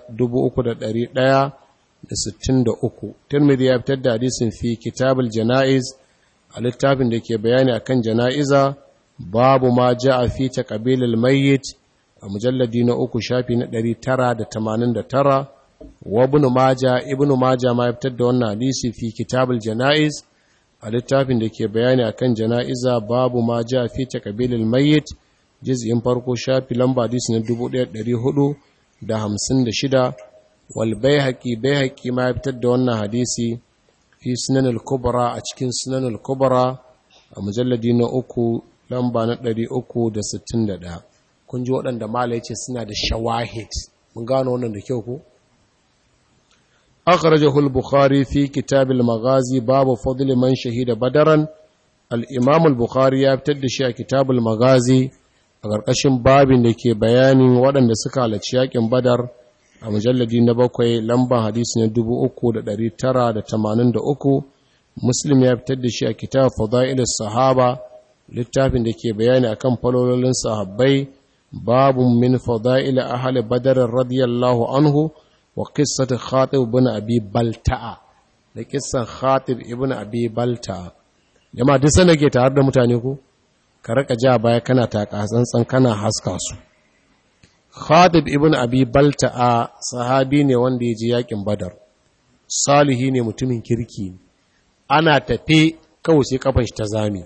uku tirmidhi ya fitar da hadisin fi kitabul jana'iz a littafin da ke bayani akan jana'iza babu ma ja a fita kabilil mayit a mujalladi na uku shafi na 989 wa ibnu maja ibnu maja ma ya fitar da wannan hadisi fi kitabul jana'iz a littafin da ke bayani a kan jana'iza babu ma ja fi ƙabilin mayyit jizgin farko shafi lamba hadisi na 1456 wal bai haƙi ma fitar da wannan hadisi fi sunan al-kubra a cikin sunan al-kubra a mujalladi na uku lamba na 361 kun ji waɗanda mala ce suna da shawahid mun gano wannan da kyau ko akhrajahu bukhari fi kitab al babu fadl man shahida badaran al-imam bukhari ya fitar da shi a kitab al a ƙarƙashin babin da ke bayanin waɗanda suka halarci yakin badar a mujalladi na bakwai lamban hadisi na dubu da uku. muslim ya fitar da shi a kitab fadailus sahaba littafin da ke bayani a kan falololin sahabbai babu min fadail ahli badaran radiyallahu anhu wa qissatu khatib ibn abi balta'a da kissan khatib ibn abi balta'a jama'a duk sanar ke tare da mutane ko ka raka ja baya kana taka tsantsan kana haska su khatib ibn abi balta'a sahabi ne wanda ya je yakin badar salihi ne mutumin kirki ana tafe kawai sai kafan shi ta zame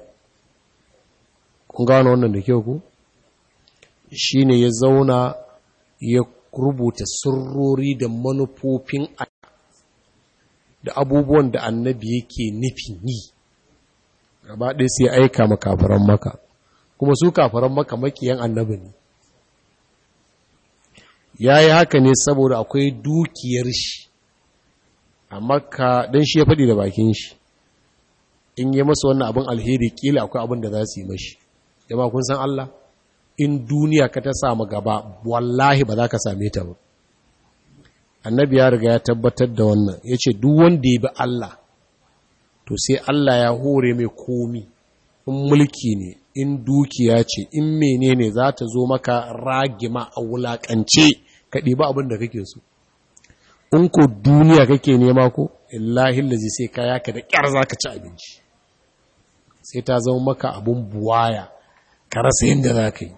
kun gane wannan da kyau ku shine ya zauna ya rubuta sirrori da manufofin da abubuwan da annabi yake nufi yi gaba ɗaya sai aika makafaran maka kuma su kafaran maka makiyan annabi ne ya yi haka ne saboda akwai dukiyar shi a maka don shi ya faɗi da bakin shi in yi masa wannan abin alheri kila akwai abin da za su yi mashi jama kun san Allah in duniya ka ta samu gaba wallahi ba za ka same ta ba annabi ya riga ya tabbatar da wannan ya ce duk wanda ya bi Allah to sai Allah ya hore mai komi in mulki ne in dukiya ce in menene za ta zo maka ragima a wulakance ka ba abin da kake so in ko duniya kake nema ko illahi lazi sai kaya ka da ƙyar za ka ci abinci sai ta zama maka abin buwaya ka rasa yadda za ka yi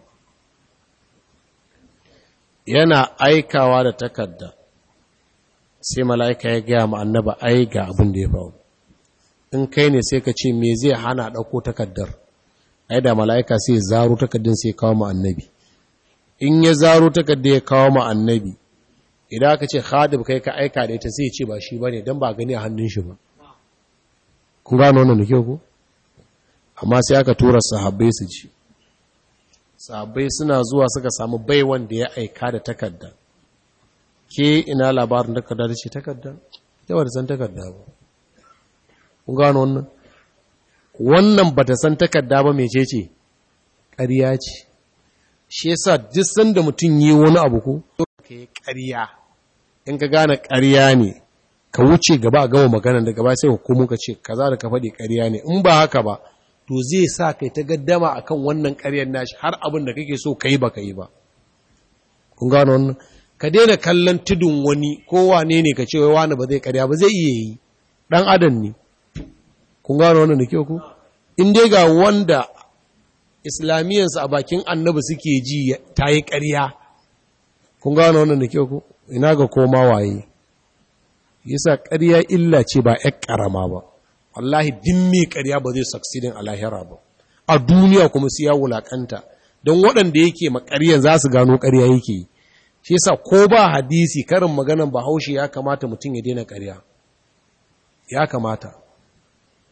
yana aikawa da takarda sai mala'ika ya gaya ma annaba ai ga abin da ya faru in kai ne sai ka ce me zai hana ɗauko takardar ai da mala'ika sai zaro takardin sai kawo ma annabi in ya zaro takardar ya kawo ma annabi idan aka ce khadib kai ka aika da ita sai ce ba shi ne don ba gani a hannun shi ba kun gano wannan da kyau ko amma sai aka tura sahabbai su ji sabai suna zuwa suka samu baiwan da ya aika da takarda ke ina labarin takarda da ce takarda ita ba san takarda ba kun gano wannan wannan ba ta san takarda ba mai ce ce ƙarya ce shi yasa duk sanda mutum yi wani abu ko ka yi ƙarya in ka gane ƙarya ne ka wuce gaba a gama magana da gaba sai hukumun ka ce kaza da ka faɗi ƙarya ne in ba haka ba to zai sa kai ta gaddama a kan wannan ƙaryar nashi har abin da kake so ka yi ba ka yi ba kun gano wannan ka daina kallon tudun wani ko wane ne ka ce wai wani ba zai ƙarya ba zai iya yi dan adam ne kun gano wannan da kyau ku in dai ga wanda islamiyansu a bakin annabi suke ji ta yi ƙarya kun gano wannan da kyau ku ina ga koma waye yasa ƙarya illa ce ba ƴar ƙarama ba wallahi din mai ƙarya ba zai saksidin a lahira ba a duniya kuma su ya wulaƙanta don waɗanda yake makaryan za su gano ƙarya yake yi shi yasa ko ba hadisi karin maganan bahaushe ya kamata mutum ya daina ƙarya ya kamata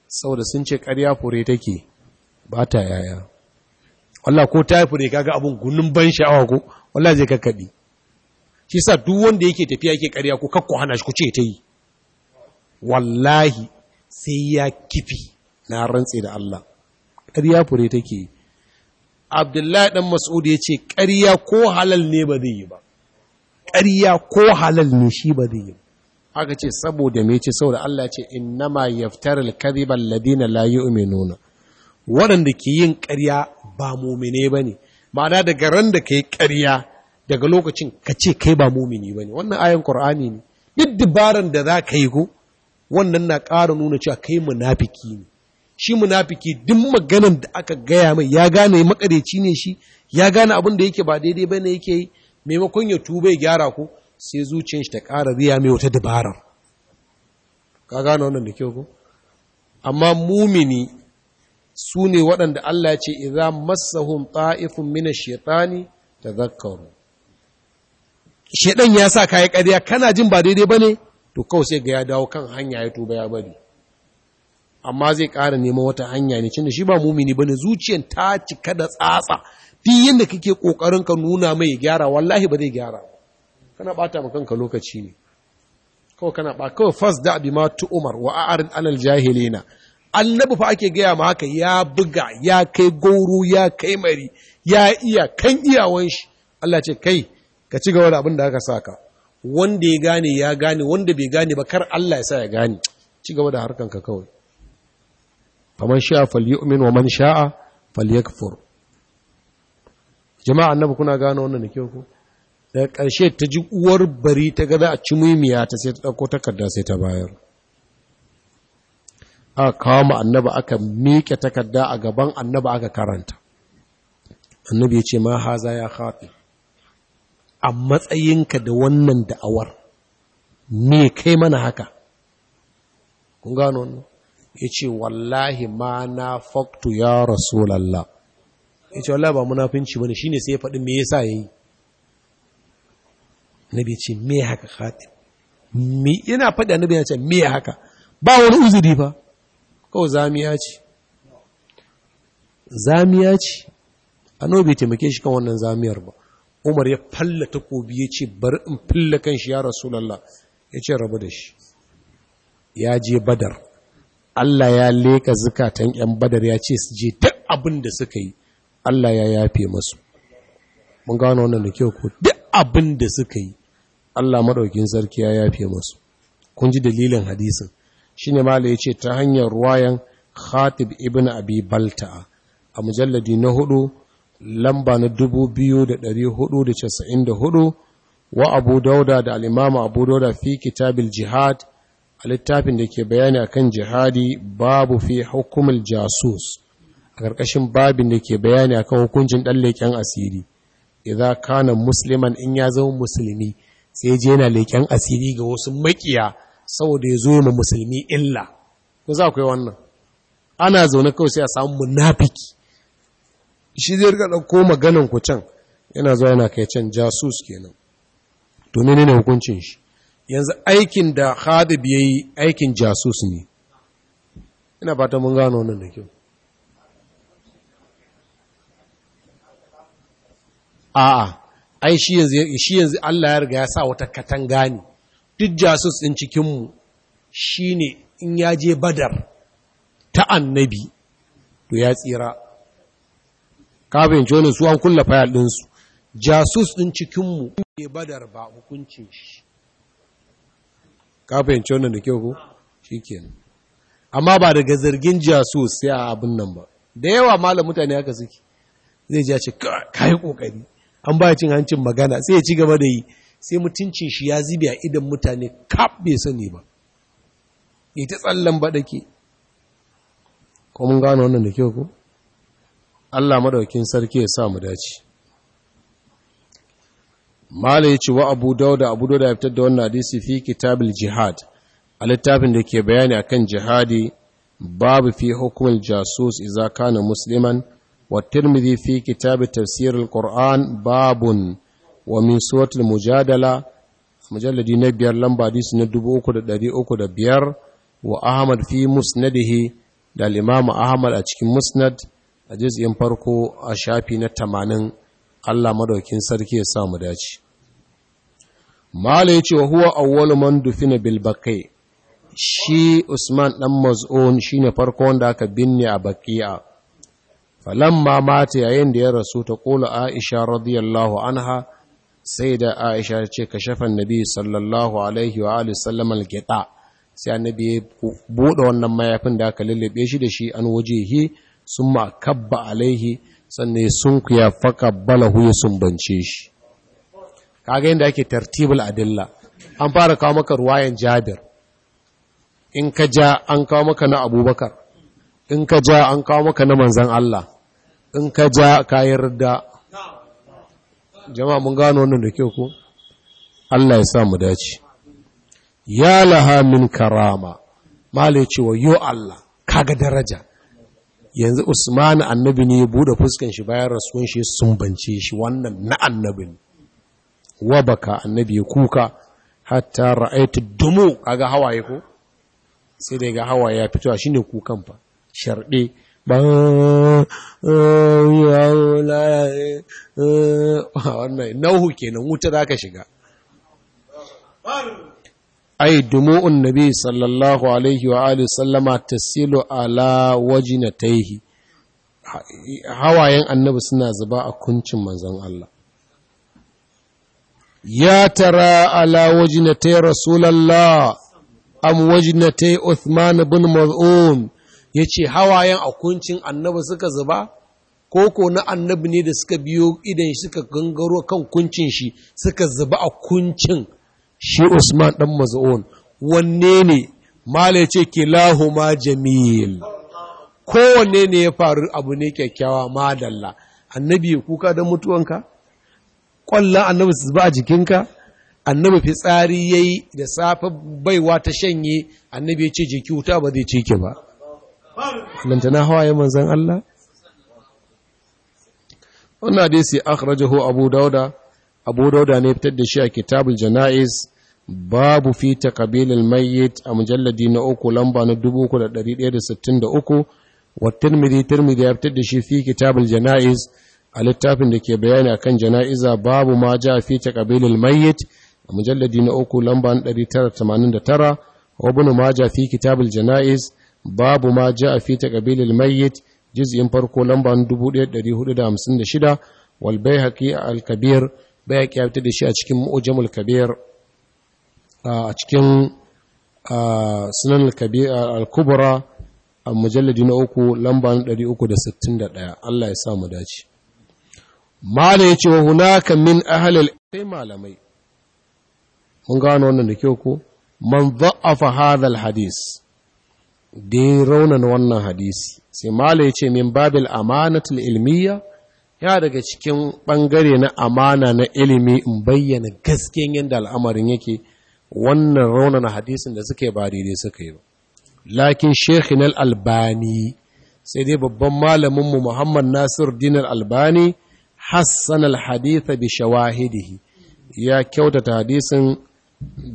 saboda sun ce ƙarya fure take ba ta yaya wallah ko ta yi fure kaga abin gunun ban sha'awa ko wallah zai kakkabi shi yasa duk wanda yake tafiya yake ƙarya ko kakko hana shi ku ce ta yi wallahi sai ya kifi na rantse da Allah ƙarya fure take yi abdullahi ɗan mas'ud ya ce ƙarya ko halal ne ba zai yi ba ƙarya ko halal ne shi ba zai yi Haka ce saboda me ce saboda Allah ce ma yaftar al-kadhiba alladhina la yu'minuna waɗanda ke yin ƙarya ba mu'mine ne? ma'ana daga ran da kai ƙarya daga lokacin ka ce kai ba mu'mini ne? wannan ayan qur'ani ne duk dabaran da za ka yi ko wannan na ƙara nuna cewa kai munafiki ne shi munafiki duk maganan da aka gaya mai ya gane makareci ne shi ya gane abin da yake ba daidai ba ne yake yi maimakon ya tuba ya gyara ko, sai zuciyar shi ta ƙara riya mai wata dabarar ka gane wannan da kyau ko amma mumini su ne waɗanda Allah ce idza massahum ta'ifun mina shaitani tadhakkaru shedan ya sa kai ƙarya kana jin ba daidai bane to kawai sai ga ya dawo kan hanya ya tuba ya bari amma zai ƙara neman wata hanya ne cin shi ba mumini bane zuciyar ta cika da tsatsa fi yadda kake kokarin ka nuna mai gyara wallahi ba zai gyara kana bata ma kanka lokaci ne kawai kana ba kawai fas bi ma tu umar wa Arin anal jahilina annabi fa ake gaya ma haka ya buga ya kai goro ya kai mari ya iya kan iyawan shi Allah ce kai ka ci gaba da abin da aka sa ka. wanda ya gane ya gane wanda bai gane ba kar Allah ya sa ya gane ci gaba da harkanka kawai faman sha falyu'min wa man sha'a falyakfur jama'a annabi kuna gane wannan da kyau ko da ƙarshe ta ji uwar bari ta ga za a ci mimiya ta sai ta ɗauko takarda sai ta bayar A kawo ma annabi aka miƙe takarda a gaban annabi aka karanta annabi ya ce ma haza ya haɗe a matsayinka da wannan da'awar me kai mana haka kun gano ne ya ce wallahi ma na faktu ya rasulallah ya ce wallahi ba munafinci shi shine sai ya faɗi me yasa Na bai ce me haka khatib me yana faɗi annabi ya ce me haka ba wani uzuri ba kawai zamiya ce zamiya ce annabi bai taimake shi kan wannan zamiyar ba umar ya falla takobi ya ce bari in falla kan shi ya rasulallah ya ce rabu da shi ya je badar Allah ya leka zukatan 'yan badar ya ce su je duk abin da suka yi Allah ya yafe masu mun gano wannan da kyau ko duk abin da suka yi Allah maɗaukin sarki ya yafe masu kun ji dalilin hadisin shine mala ce ta hanyar ruwayan Khatib ibn Abi Balta'a a mujalladi na hudu lamba na 2494 wa abu dauda da al'imama abu dauda fi kitabil jihad a littafin da ke bayani akan jihadi babu fi hukumul jasus a ƙarƙashin babin da ke bayani akan hukuncin ɗan leƙen asiri idza kana musliman in ya zama musulmi sai je yana leƙen asiri ga wasu makiya saboda ya zo ma musulmi illa ko za ku yi wannan ana zaune kawai sai a samu munafiki shi zai da ɗauko maganan ku can yana zuwa yana kai can jasus kenan to ne ne hukuncin shi yanzu aikin da Khadib ya yi aikin jasus ne ina fata mun gano wannan da kyau a'a ai shi yanzu shi yanzu Allah ya riga ya sa wata katanga ne duk jasus din cikin mu shine in ya je badar ta annabi to ya tsira kafin jonin su an kulla fayal ɗinsu jasus ɗin cikinmu ne badar ba hukuncin shi kafin jonin da kyau ko shi kenan amma ba daga zargin jasus sai a abin nan ba da yawa malam mutane haka suke zai ji ya ce kayi kokari an ba cin hancin magana sai ya ci gaba da yi sai mutuncin shi ya zibi a idan mutane kaf bai sani ba ya ta tsallan baɗake ko mun gano wannan da kyau ko Allah madaukin sarki ya sa mu dace ya ce wa abu dauda abu dauda ya fitar da wannan hadisi fi kitabil jihad a littafin da ke bayani akan jihadi babu fi hukumul jasus idza kana musliman wa tirmidhi fi kitab tafsir Qur'an babun wa min suratul mujadala mujalladi na biyar lamba hadisi na 3305 wa ahmad fi musnadihi da imam ahmad a cikin musnad a jizgin farko a shafi na tamanin Allah madaukin sarki ya samu dace mala ya ce wa huwa awwalu man dufina bil baqi shi Usman dan Maz'un shine farko wanda aka binne a baqiya falamma mata yayin da ya rasu ta kula Aisha radiyallahu anha sai da Aisha ce kashafan nabi sallallahu alaihi wa alihi sallam al gita sai annabi ya bude wannan mayafin da aka lullube shi da shi an wajehi sun ma kabba alaihi sannan sun ya faka balahu ya sumbance shi kaga yadda ake tartibul adilla an fara kawo maka ruwayan jabir in ka ja an kawo maka na abubakar in ka ja an kawo maka na manzan Allah in ka ja ka yarda jama'a mun gano wannan da kyau ko Allah ya sa mu dace ya laha min karama male cewa yo Allah kaga daraja yanzu usmanu annabi ne ya bude fuskan shi bayan rasuwan shi sumbance shi wannan na annabi ne wa baka annabi ya kuka hatta ra'aitu dumu kaga hawaye ko sai dai ga hawaye ya fito shine kukan fa sharɗe ban eh, eh. wannan nauhu kenan wuta zaka shiga ai dumu'un nabi sallallahu alaihi wa alihi sallama tasilu ala wajinataihi hawayen annabi suna zuba a kuncin manzon Allah ya tara ala wajinatai rasulallah am wajinatai Uthman bin Maz'un yace hawayen a kuncin annabi suka zuba Koko na annabi ne da suka biyo idan suka gangaro kan kuncin shi suka zuba a kuncin shi Usman ɗan Maz'un wanne ne mala ce ma jamil kowanne ne ya faru abu ne kyakkyawa madalla annabi ya kuka don mutuwanka ƙwallon annabi su ba a jikinka annabi fitsari ya yi da safe baiwa ta shanye annabi ya ce jiki wuta ba zai ce ki ba hawa hawaye manzan Allah wannan dai sai akhrajahu abu dauda abu dauda ne fitar da shi a kitabul jana'iz babu fi taqabilil mayyit a mujalladi na uku lamba na 3163 wa tirmidhi tirmidhi ya fitar da shi fi kitabul jana'iz a littafin da ke bayani akan jana'iza babu ma ja fi taqabilil mayyit a mujalladi na uku lamba na 989 wa ibn majah fi kitabul jana'iz babu ma ja fi taqabilil mayyit juz'in farko lamba na 1456 wal bayhaqi al kabir bai ya fitar da shi a cikin mu'jamul kabir a cikin sunan al-kabir kubra a mujalladi na uku lamba na 361 Allah ya sa mu dace mala ce wa hunaka min ahli al malamai mun gano wannan da kyau ko man dha'afa hadha al-hadith da wannan hadisi sai mala yace min babil amanatul ilmiya ya daga cikin ɓangare na amana na ilimi in bayyana gaskiyan yadda al'amarin yake wannan raunin hadisin da suka yi ba daidai suka yi ba lakin shekhin albani sai dai babban malaminmu muhammad nasir dinar albani hassan haditha bi shawahidihi ya kyautata hadisin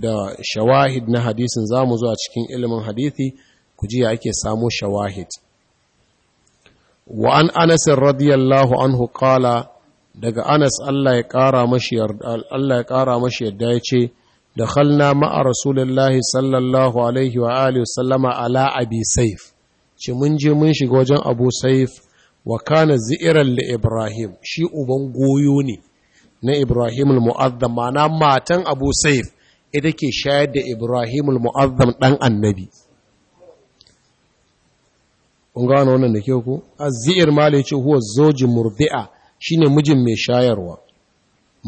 da shawahid na hadisin za mu zuwa cikin ilimin hadithi ku ji ya ake samu shawahid wa an anas radiyallahu anhu qala daga anas Allah ya kara mashi Allah ya kara mashi yadda yace dakhalna ma'a rasulillahi sallallahu alaihi wa alihi sallama ala abi saif ce mun je mun shiga wajen abu saif wa kana zi'iran li ibrahim shi uban goyo ne na ibrahim al-mu'azzam matan abu saif ita ke shayar da ibrahim al dan annabi kun gano wannan da ke ku azzi'ir mala ce huwa Zoji murdi'a shine mijin mai shayarwa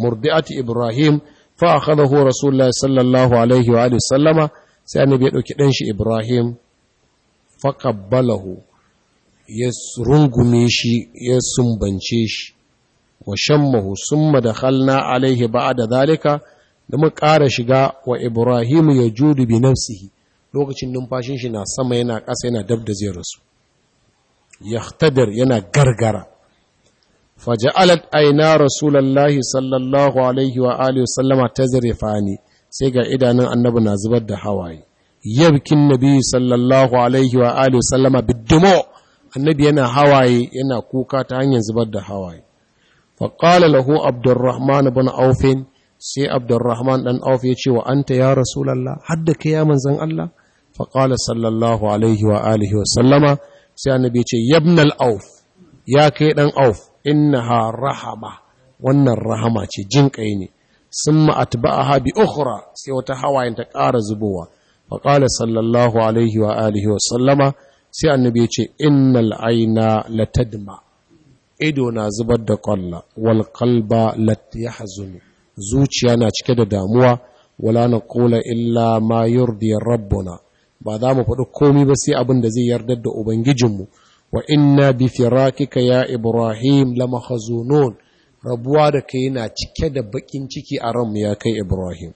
murdi'ati ibrahim fa akhadahu rasulullahi sallallahu alaihi wa alihi sallama sai annabi ya dauki dan shi ibrahim fa qabbalahu ya rungume shi ya sumbance shi wa shammahu summa dakhalna alaihi ba'da zalika da mu ƙara shiga wa ibrahim ya judu bi nafsihi lokacin numfashin shi na sama yana ƙasa yana dab da zai rasu yaqtadir yana gargara faja'alat aina rasulullahi sallallahu alaihi wa alihi wasallama tazrifani sai ga idanun annabi na zubar da hawaye yabkin nabi sallallahu alaihi wa alihi wasallama biddimo annabi yana hawaye yana kuka ta hanyar zubar da hawaye faƙala lahu abdurrahman bin aufin sai abdurrahman ɗan auf ya ce wa anta ya rasulallah hadda ka ya manzan Allah faƙala sallallahu alaihi wa alihi sai annabi ce yabnal auf ya kai dan auf innaha rahama wannan rahama ce jin ne summa atba'aha bi ukhra sai wata hawayen ta ƙara zubowa fa qala sallallahu alaihi wa alihi wa sallama sai annabi ya ce innal aina latadma ido na zubar da kwalla wal qalba lat zuciya na cike da damuwa wala naqula illa ma yurdi rabbuna ba za mu faɗi komi ba sai abin da zai yardar da ubangijinmu wa inna bi firakika ya ibrahim lamahzunun rabuwa da kai na cike da bakin ciki a ranmu ya kai ibrahim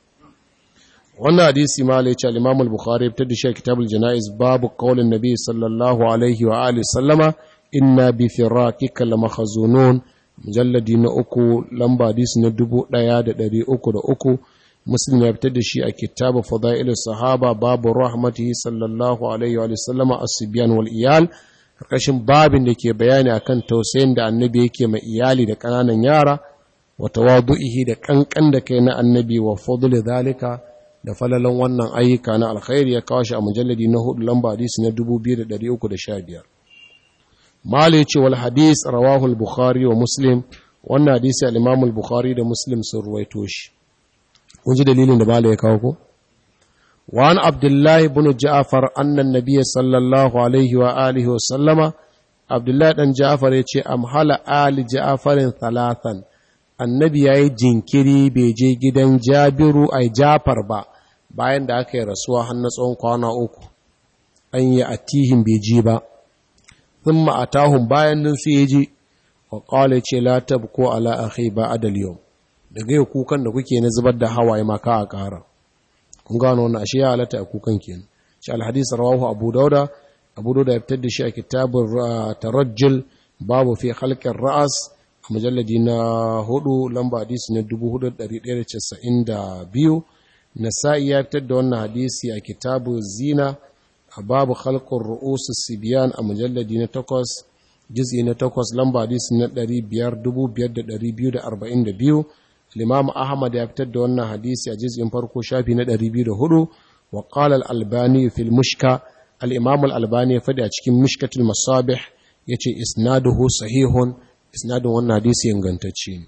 wannan hadisi ma alaihi al-imam al-bukhari ta shi kitabul janaiz babu qaulin nabi sallallahu alaihi wa alihi sallama inna bi firakika lamahzunun mujalladi na uku lamba hadisi na dubu ɗaya da da ɗari uku uku. muslim ya fitar da shi a kitabu fadailu sahaba babu rahmatihi sallallahu alaihi wa sallama asibiyan wal iyal karkashin babin da ke bayani akan tausayin da annabi yake mai iyali da kananan yara wa tawadu'ihi da kankan da kai na annabi wa fadlu zalika da falalan wannan ayyuka na alkhairi ya kawo shi a mujalladi na hudu lamba hadisi na 2315 malai ce wal hadis rawahu al bukhari wa muslim wannan hadisi al imam al bukhari da muslim sun ruwaito shi kun ji dalilin da bala ya kawo ko wa abdullahi ibn ja'far annan biya sallallahu alaihi wa alihi wa sallama abdullahi dan ja'far ya ce am hala ali ja'farin thalathan annabi yayi jinkiri bai je gidan jabiru ai ja'far ba bayan da aka yi rasuwa har na tsawon kwana uku an yi atihin bai ji ba sun ma'atahun bayan nan sai ya ji wa ce la tabko ala ba adal yau daga yau kukan da kuke na zubar da hawaye maka a ƙara kun gano wannan ashe ya halatta a kukan kenan shi alhadis rawahu abu dauda abu dauda ya fitar da shi a kitabun ah, tarajjul babu fi halkin ra'as a majalladi na hudu lamba hadisi na 4192 nasa'i ya fitar da wannan hadisi a kitabun zina a babu halkar ru'usu sibiyan a majalladi na takwas jiz'i na takwas lamba hadisi na 500 Limamu Ahmad ya fitar da wannan hadisi a jiz'in farko shafi na 204 wa qala hudu albani fil Mushka al-Imam al-Albani ya faɗi a cikin Mushkatul Masabih yace isnaduhu sahihun isnadun wannan hadisi ingantacce ne.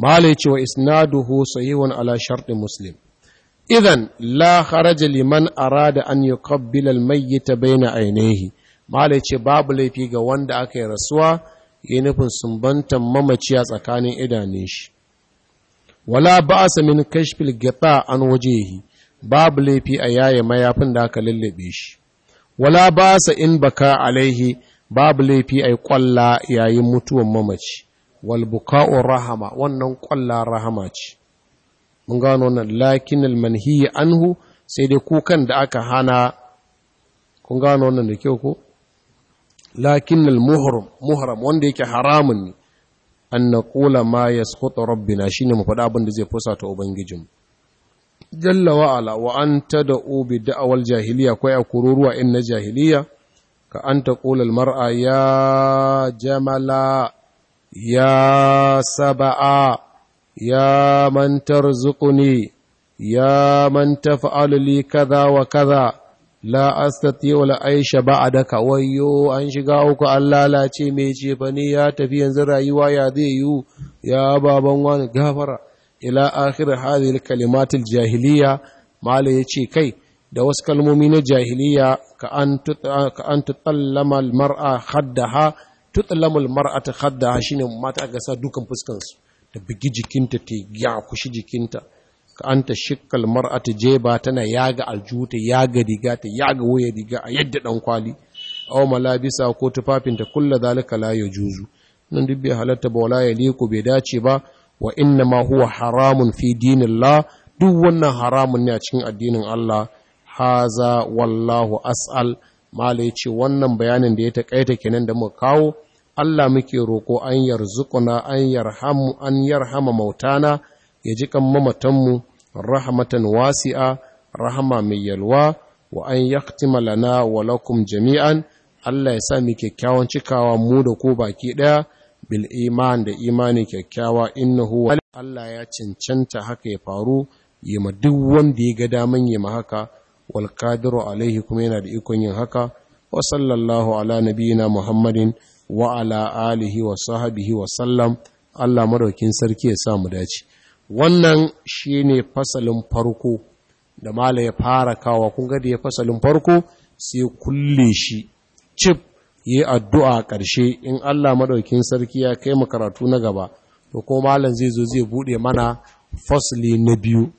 wa cewa isnaduhu sahihun ala shartin Muslim. Idan la kharaja liman arada an mai al-mayyita bayna ainihi. Malai ce babu laifi ga wanda aka yi rasuwa yi nufin sumbantan mamaci a tsakanin idanun shi wala ba'sa min kashfil gata an wajehi babu laifi a yaye mayafin da aka lullube shi wala ba sa in baka alaihi babu laifi a yi kwalla yayin mutuwan mamaci wal buka'u rahama wannan kwalla rahama ce mun gano na lakinal manhiyi anhu sai dai kukan da aka hana kun gano wannan da kyau ko lakin al-muhram muhram wanda yake haramun ne an naqula ma rabbi na shine mu faɗa abin da zai fusata Ubangijin mu. Jallawa ala wa anta da bi da'awal jahiliya ko ya kururuwa in na jahiliya ka an taqula al-mar'a ya jamala ya saba'a ya man tarzuquni ya man taf'alu li kaza wa kaza la astati wala aisha ba'daka wayyo an shiga uku an lalace mai cefane ya tafi yanzu rayuwa ya zai yi ya baban wani gafara ila akhir hadhihi kalimat jahiliya mala yace kai da wasu kalmomi na jahiliya ka an tutallama almar'a khaddaha tutallama almar'ata khaddaha shine mata ga sa dukan fuskansu ta bigi jikinta ta ya kushi jikinta ka an ta shikkal mar'ata jeba tana yaga aljuta yaga riga ta yaga waya riga a yadda dan kwali aw malabisa ko tufafin ta kullu zalika la yujuzu nan dubbi halatta ba wala liku bai dace ba wa inna ma huwa haramun fi dinillah duk wannan haramun ne a cikin addinin Allah haza wallahu as'al mala yace wannan bayanin da ya takaita kenan da muka kawo Allah muke roko an yarzuquna an yarhamu an yarhama mautana ya ji kan mu. rahmatan wasi'a rahama mai yalwa wa an yaktima lana wa lakum jami'an Allah ya sa mu kyakkyawan cikawa mu da ku baki ɗaya bil iman da imani kyakkyawa innahu Allah ya cancanta haka ya faru yi duk wanda ya ga daman yi ma haka wal qadiru alaihi kuma yana da ikon yin haka wa sallallahu ala nabiyina muhammadin wa ala wa sahbihi wa sallam Allah madaukin sarki ya sa mu dace wannan shi ne fasalin farko da mala ya fara kawa kun gadi ya fasalin farko sai kulle shi cif yi addu'a ƙarshe in Allah maɗaukin sarki ya kai makaratu na gaba to ko malam zai zo zai buɗe mana fasli na biyu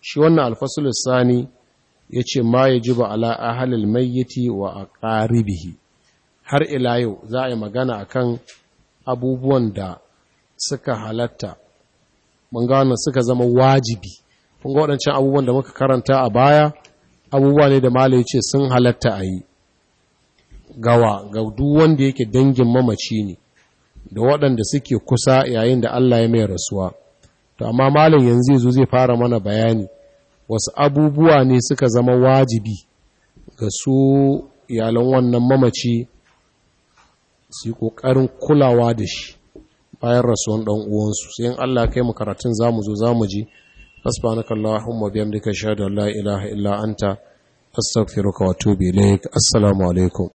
shi wannan alfasul sani ya ce ma ya ji ba'ala mai ahalil mayyiti wa a ƙaribihi har ila yau za a yi magana akan abubuwan da suka halatta mun gane suka zama wajibi kun waɗancan abubuwan da muka karanta a baya abubuwa ne da malai ce sun halatta a yi gawa ga duk wanda yake dangin mamaci ne da waɗanda suke kusa yayin da Allah ya mai rasuwa to amma malam yanzu zo zai fara mana bayani wasu abubuwa ne suka zama wajibi ga su iyalan wannan mamaci su yi ƙoƙarin kulawa da shi bayan rasuwan ɗan uwansu sai in Allah kai mu karatun zamu zo zamu ji subhanaka allahumma bihamdika ashhadu an la ilaha illa anta astaghfiruka wa atubu ilaik assalamu alaikum